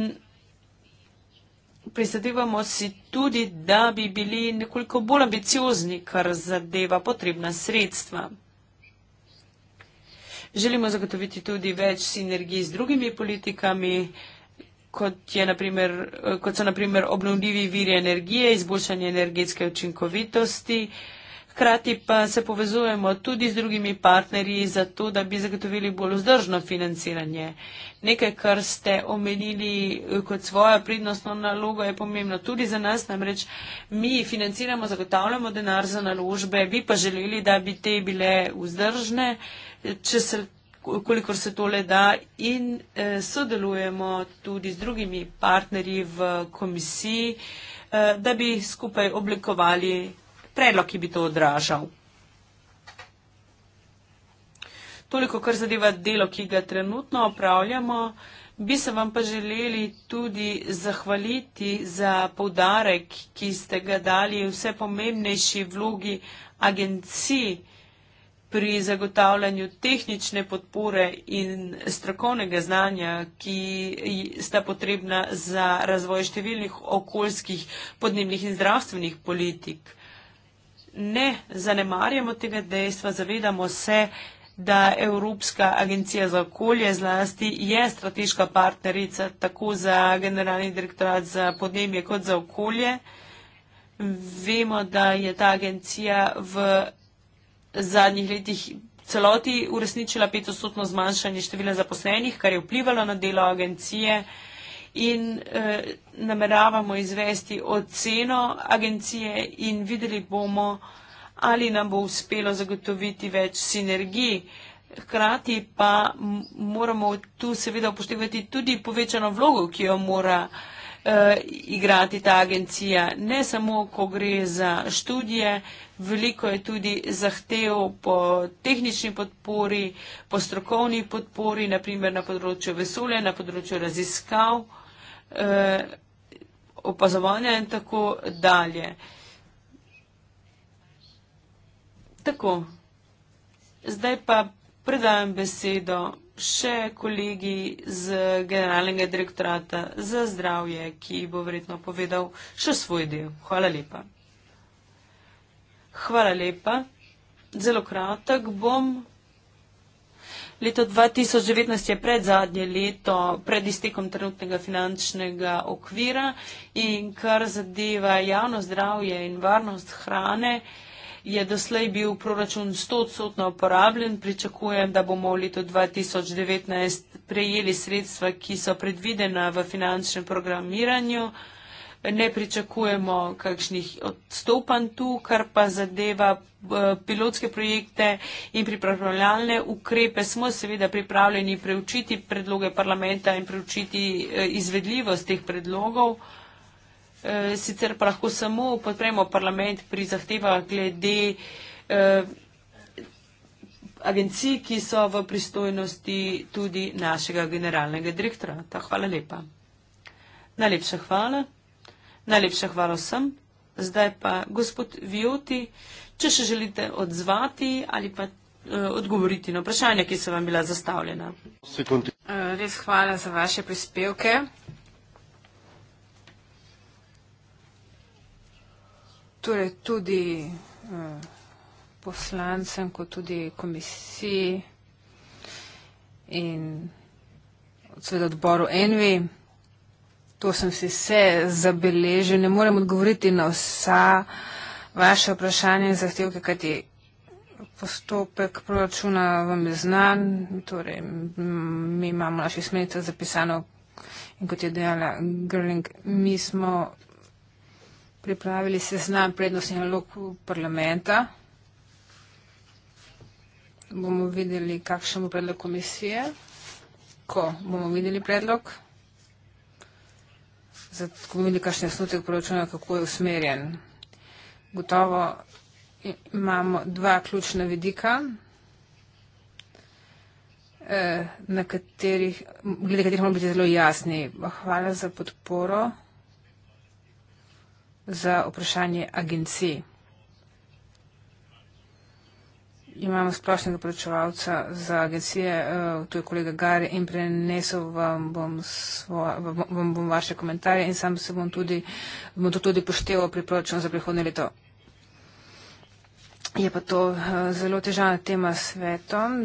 prisadevamo si tudi, da bi bili nekoliko bolj ambiciozni, kar zadeva potrebna sredstva. Želimo zagotoviti tudi več sinergij z drugimi politikami, kot, naprimer, eh, kot so naprimer obnovljivi viri energije, izboljšanje energetske učinkovitosti hkrati pa se povezujemo tudi z drugimi partnerji, zato da bi zagotovili bolj vzdržno financiranje. Nekaj, kar ste omenili kot svojo pridnostno nalogo, je pomembno tudi za nas, namreč mi financiramo, zagotavljamo denar za naložbe, vi pa želeli, da bi te bile vzdržne, če se kolikor se tole da in eh, sodelujemo tudi z drugimi partnerji v komisiji, eh, da bi skupaj oblikovali predlog, ki bi to odražal. Toliko, kar zadeva delo, ki ga trenutno opravljamo, bi se vam pa želeli tudi zahvaliti za povdarek, ki ste ga dali vse pomembnejši vlogi agencij pri zagotavljanju tehnične podpore in strokovnega znanja, ki sta potrebna za razvoj številnih okoljskih, podnebnih in zdravstvenih politik ne zanemarjamo tega dejstva, zavedamo se, da Evropska agencija za okolje zlasti je strateška partnerica tako za Generalni direktorat za podnebje kot za okolje. Vemo, da je ta agencija v zadnjih letih celoti uresničila petostotno zmanjšanje števila zaposlenih, kar je vplivalo na delo agencije in eh, nameravamo izvesti oceno agencije in videli bomo, ali nam bo uspelo zagotoviti več sinergij. Hkrati pa moramo tu seveda upoštevati tudi povečano vlogo, ki jo mora eh, igrati ta agencija. Ne samo, ko gre za študije, veliko je tudi zahtev po tehnični podpori, po strokovni podpori, naprimer na področju vesolja, na področju raziskav eh, opazovanja in tako dalje. Tako, zdaj pa predajam besedo še kolegi z generalnega direktorata za zdravje, ki bo verjetno povedal še svoj del. Hvala lepa. Hvala lepa. Zelo kratek bom. Leto 2019 je pred zadnje leto, pred iztekom trenutnega finančnega okvira in kar zadeva javno zdravje in varnost hrane, je doslej bil proračun 100 odstotno uporabljen. Pričakujem, da bomo v letu 2019 prejeli sredstva, ki so predvidena v finančnem programiranju ne pričakujemo kakšnih odstopanj tu, kar pa zadeva eh, pilotske projekte in pripravljalne ukrepe. Smo seveda pripravljeni preučiti predloge parlamenta in preučiti eh, izvedljivost teh predlogov. Eh, sicer pa lahko samo podpremo parlament pri zahtevah glede agencij, ki so v pristojnosti tudi našega generalnega direktora. Ta hvala lepa. Najlepša hvala. Najlepša hvala vsem. Zdaj pa gospod Vijoti, če še želite odzvati ali pa eh, odgovoriti na vprašanja, ki so vam bila zastavljena. Sekundi. Eh, res hvala za vaše prispevke. Torej tudi eh, poslancem, kot tudi komisiji in odsveda odboru Envi. To sem si vse zabeležil. Ne morem odgovoriti na vsa vaše vprašanje in zahtevke, kajti postopek proračuna vam je znan. Torej, mi imamo naše smernice zapisano in kot je dejala Grling, mi smo pripravili seznam prednostnih nalog parlamenta. Bomo videli, kakšen bo predlog komisije, ko bomo videli predlog tako imeli kakšen osnutek proračuna, kako je usmerjen. Gotovo imamo dva ključna vidika, eh, na katerih, glede katerih moramo biti zelo jasni. Hvala za podporo, za vprašanje agencij imamo splošnega poročevalca za agencije, uh, eh, tu je kolega Gari in prenesel vam bom, svoje, vam bom vaše komentarje in sam se bom tudi, bom to tudi pošteval pri proračunu za prihodnje leto. Je pa to eh, zelo težavna tema svetom.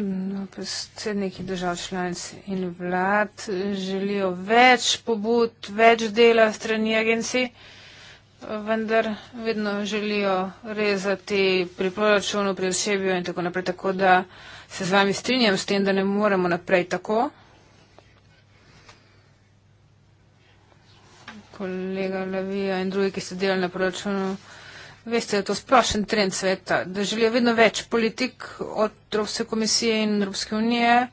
Predsedniki držav članic in vlad želijo več pobud, več dela strani agencij vendar vedno želijo rezati pri proračunu, pri osebju in tako naprej. Tako da se z vami strinjam s tem, da ne moremo naprej tako. Kolega Lavija in drugi, ki ste delali na proračunu, veste, da je to splošen trend sveta, da želijo vedno več politik od Evropske komisije in Evropske unije,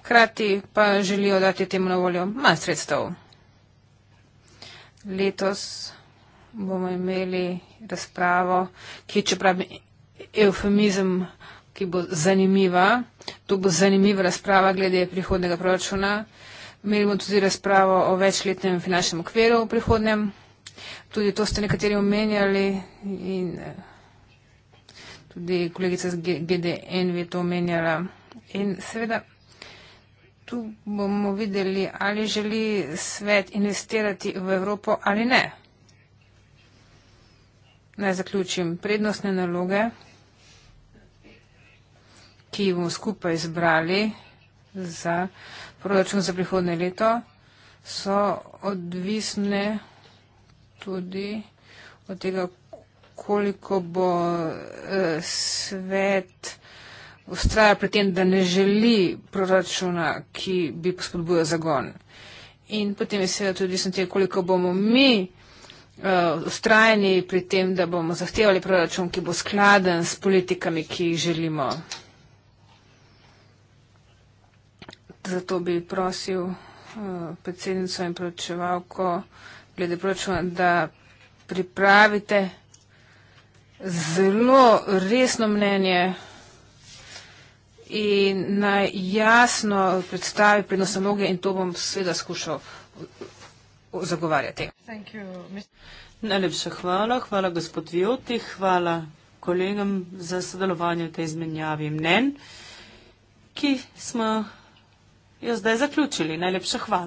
hkrati pa želijo dati temu na voljo manj sredstev. Letos bomo imeli razpravo, ki je, če pravim, eufemizem, ki bo zanimiva. To bo zanimiva razprava glede prihodnega proračuna. Imeli bomo tudi razpravo o večletnem finančnem okviru v prihodnem. Tudi to ste nekateri omenjali in eh, tudi kolegica z GDNV je to omenjala. In seveda. Tu bomo videli, ali želi svet investirati v Evropo ali ne. Naj zaključim. Prednostne naloge, ki jih bomo skupaj izbrali za proračun za prihodne leto, so odvisne tudi od tega, koliko bo eh, svet ustraja pri tem, da ne želi proračuna, ki bi spodbujal zagon. In potem je seveda tudi odvisno tega, koliko bomo mi ustrajeni eh, pri tem, da bomo zahtevali proračun, ki bo skladen s politikami, ki jih želimo. Zato bi prosil eh, predsednico in proračevalko glede proračuna, da pripravite zelo resno mnenje in naj jasno predstavi prednostne noge in to bom sveda skušal zagovarjati. Najlepša hvala, hvala gospod Vioti, hvala kolegom za sodelovanje v tej izmenjavi mnen, ki smo jo zdaj zaključili. Najlepša hvala.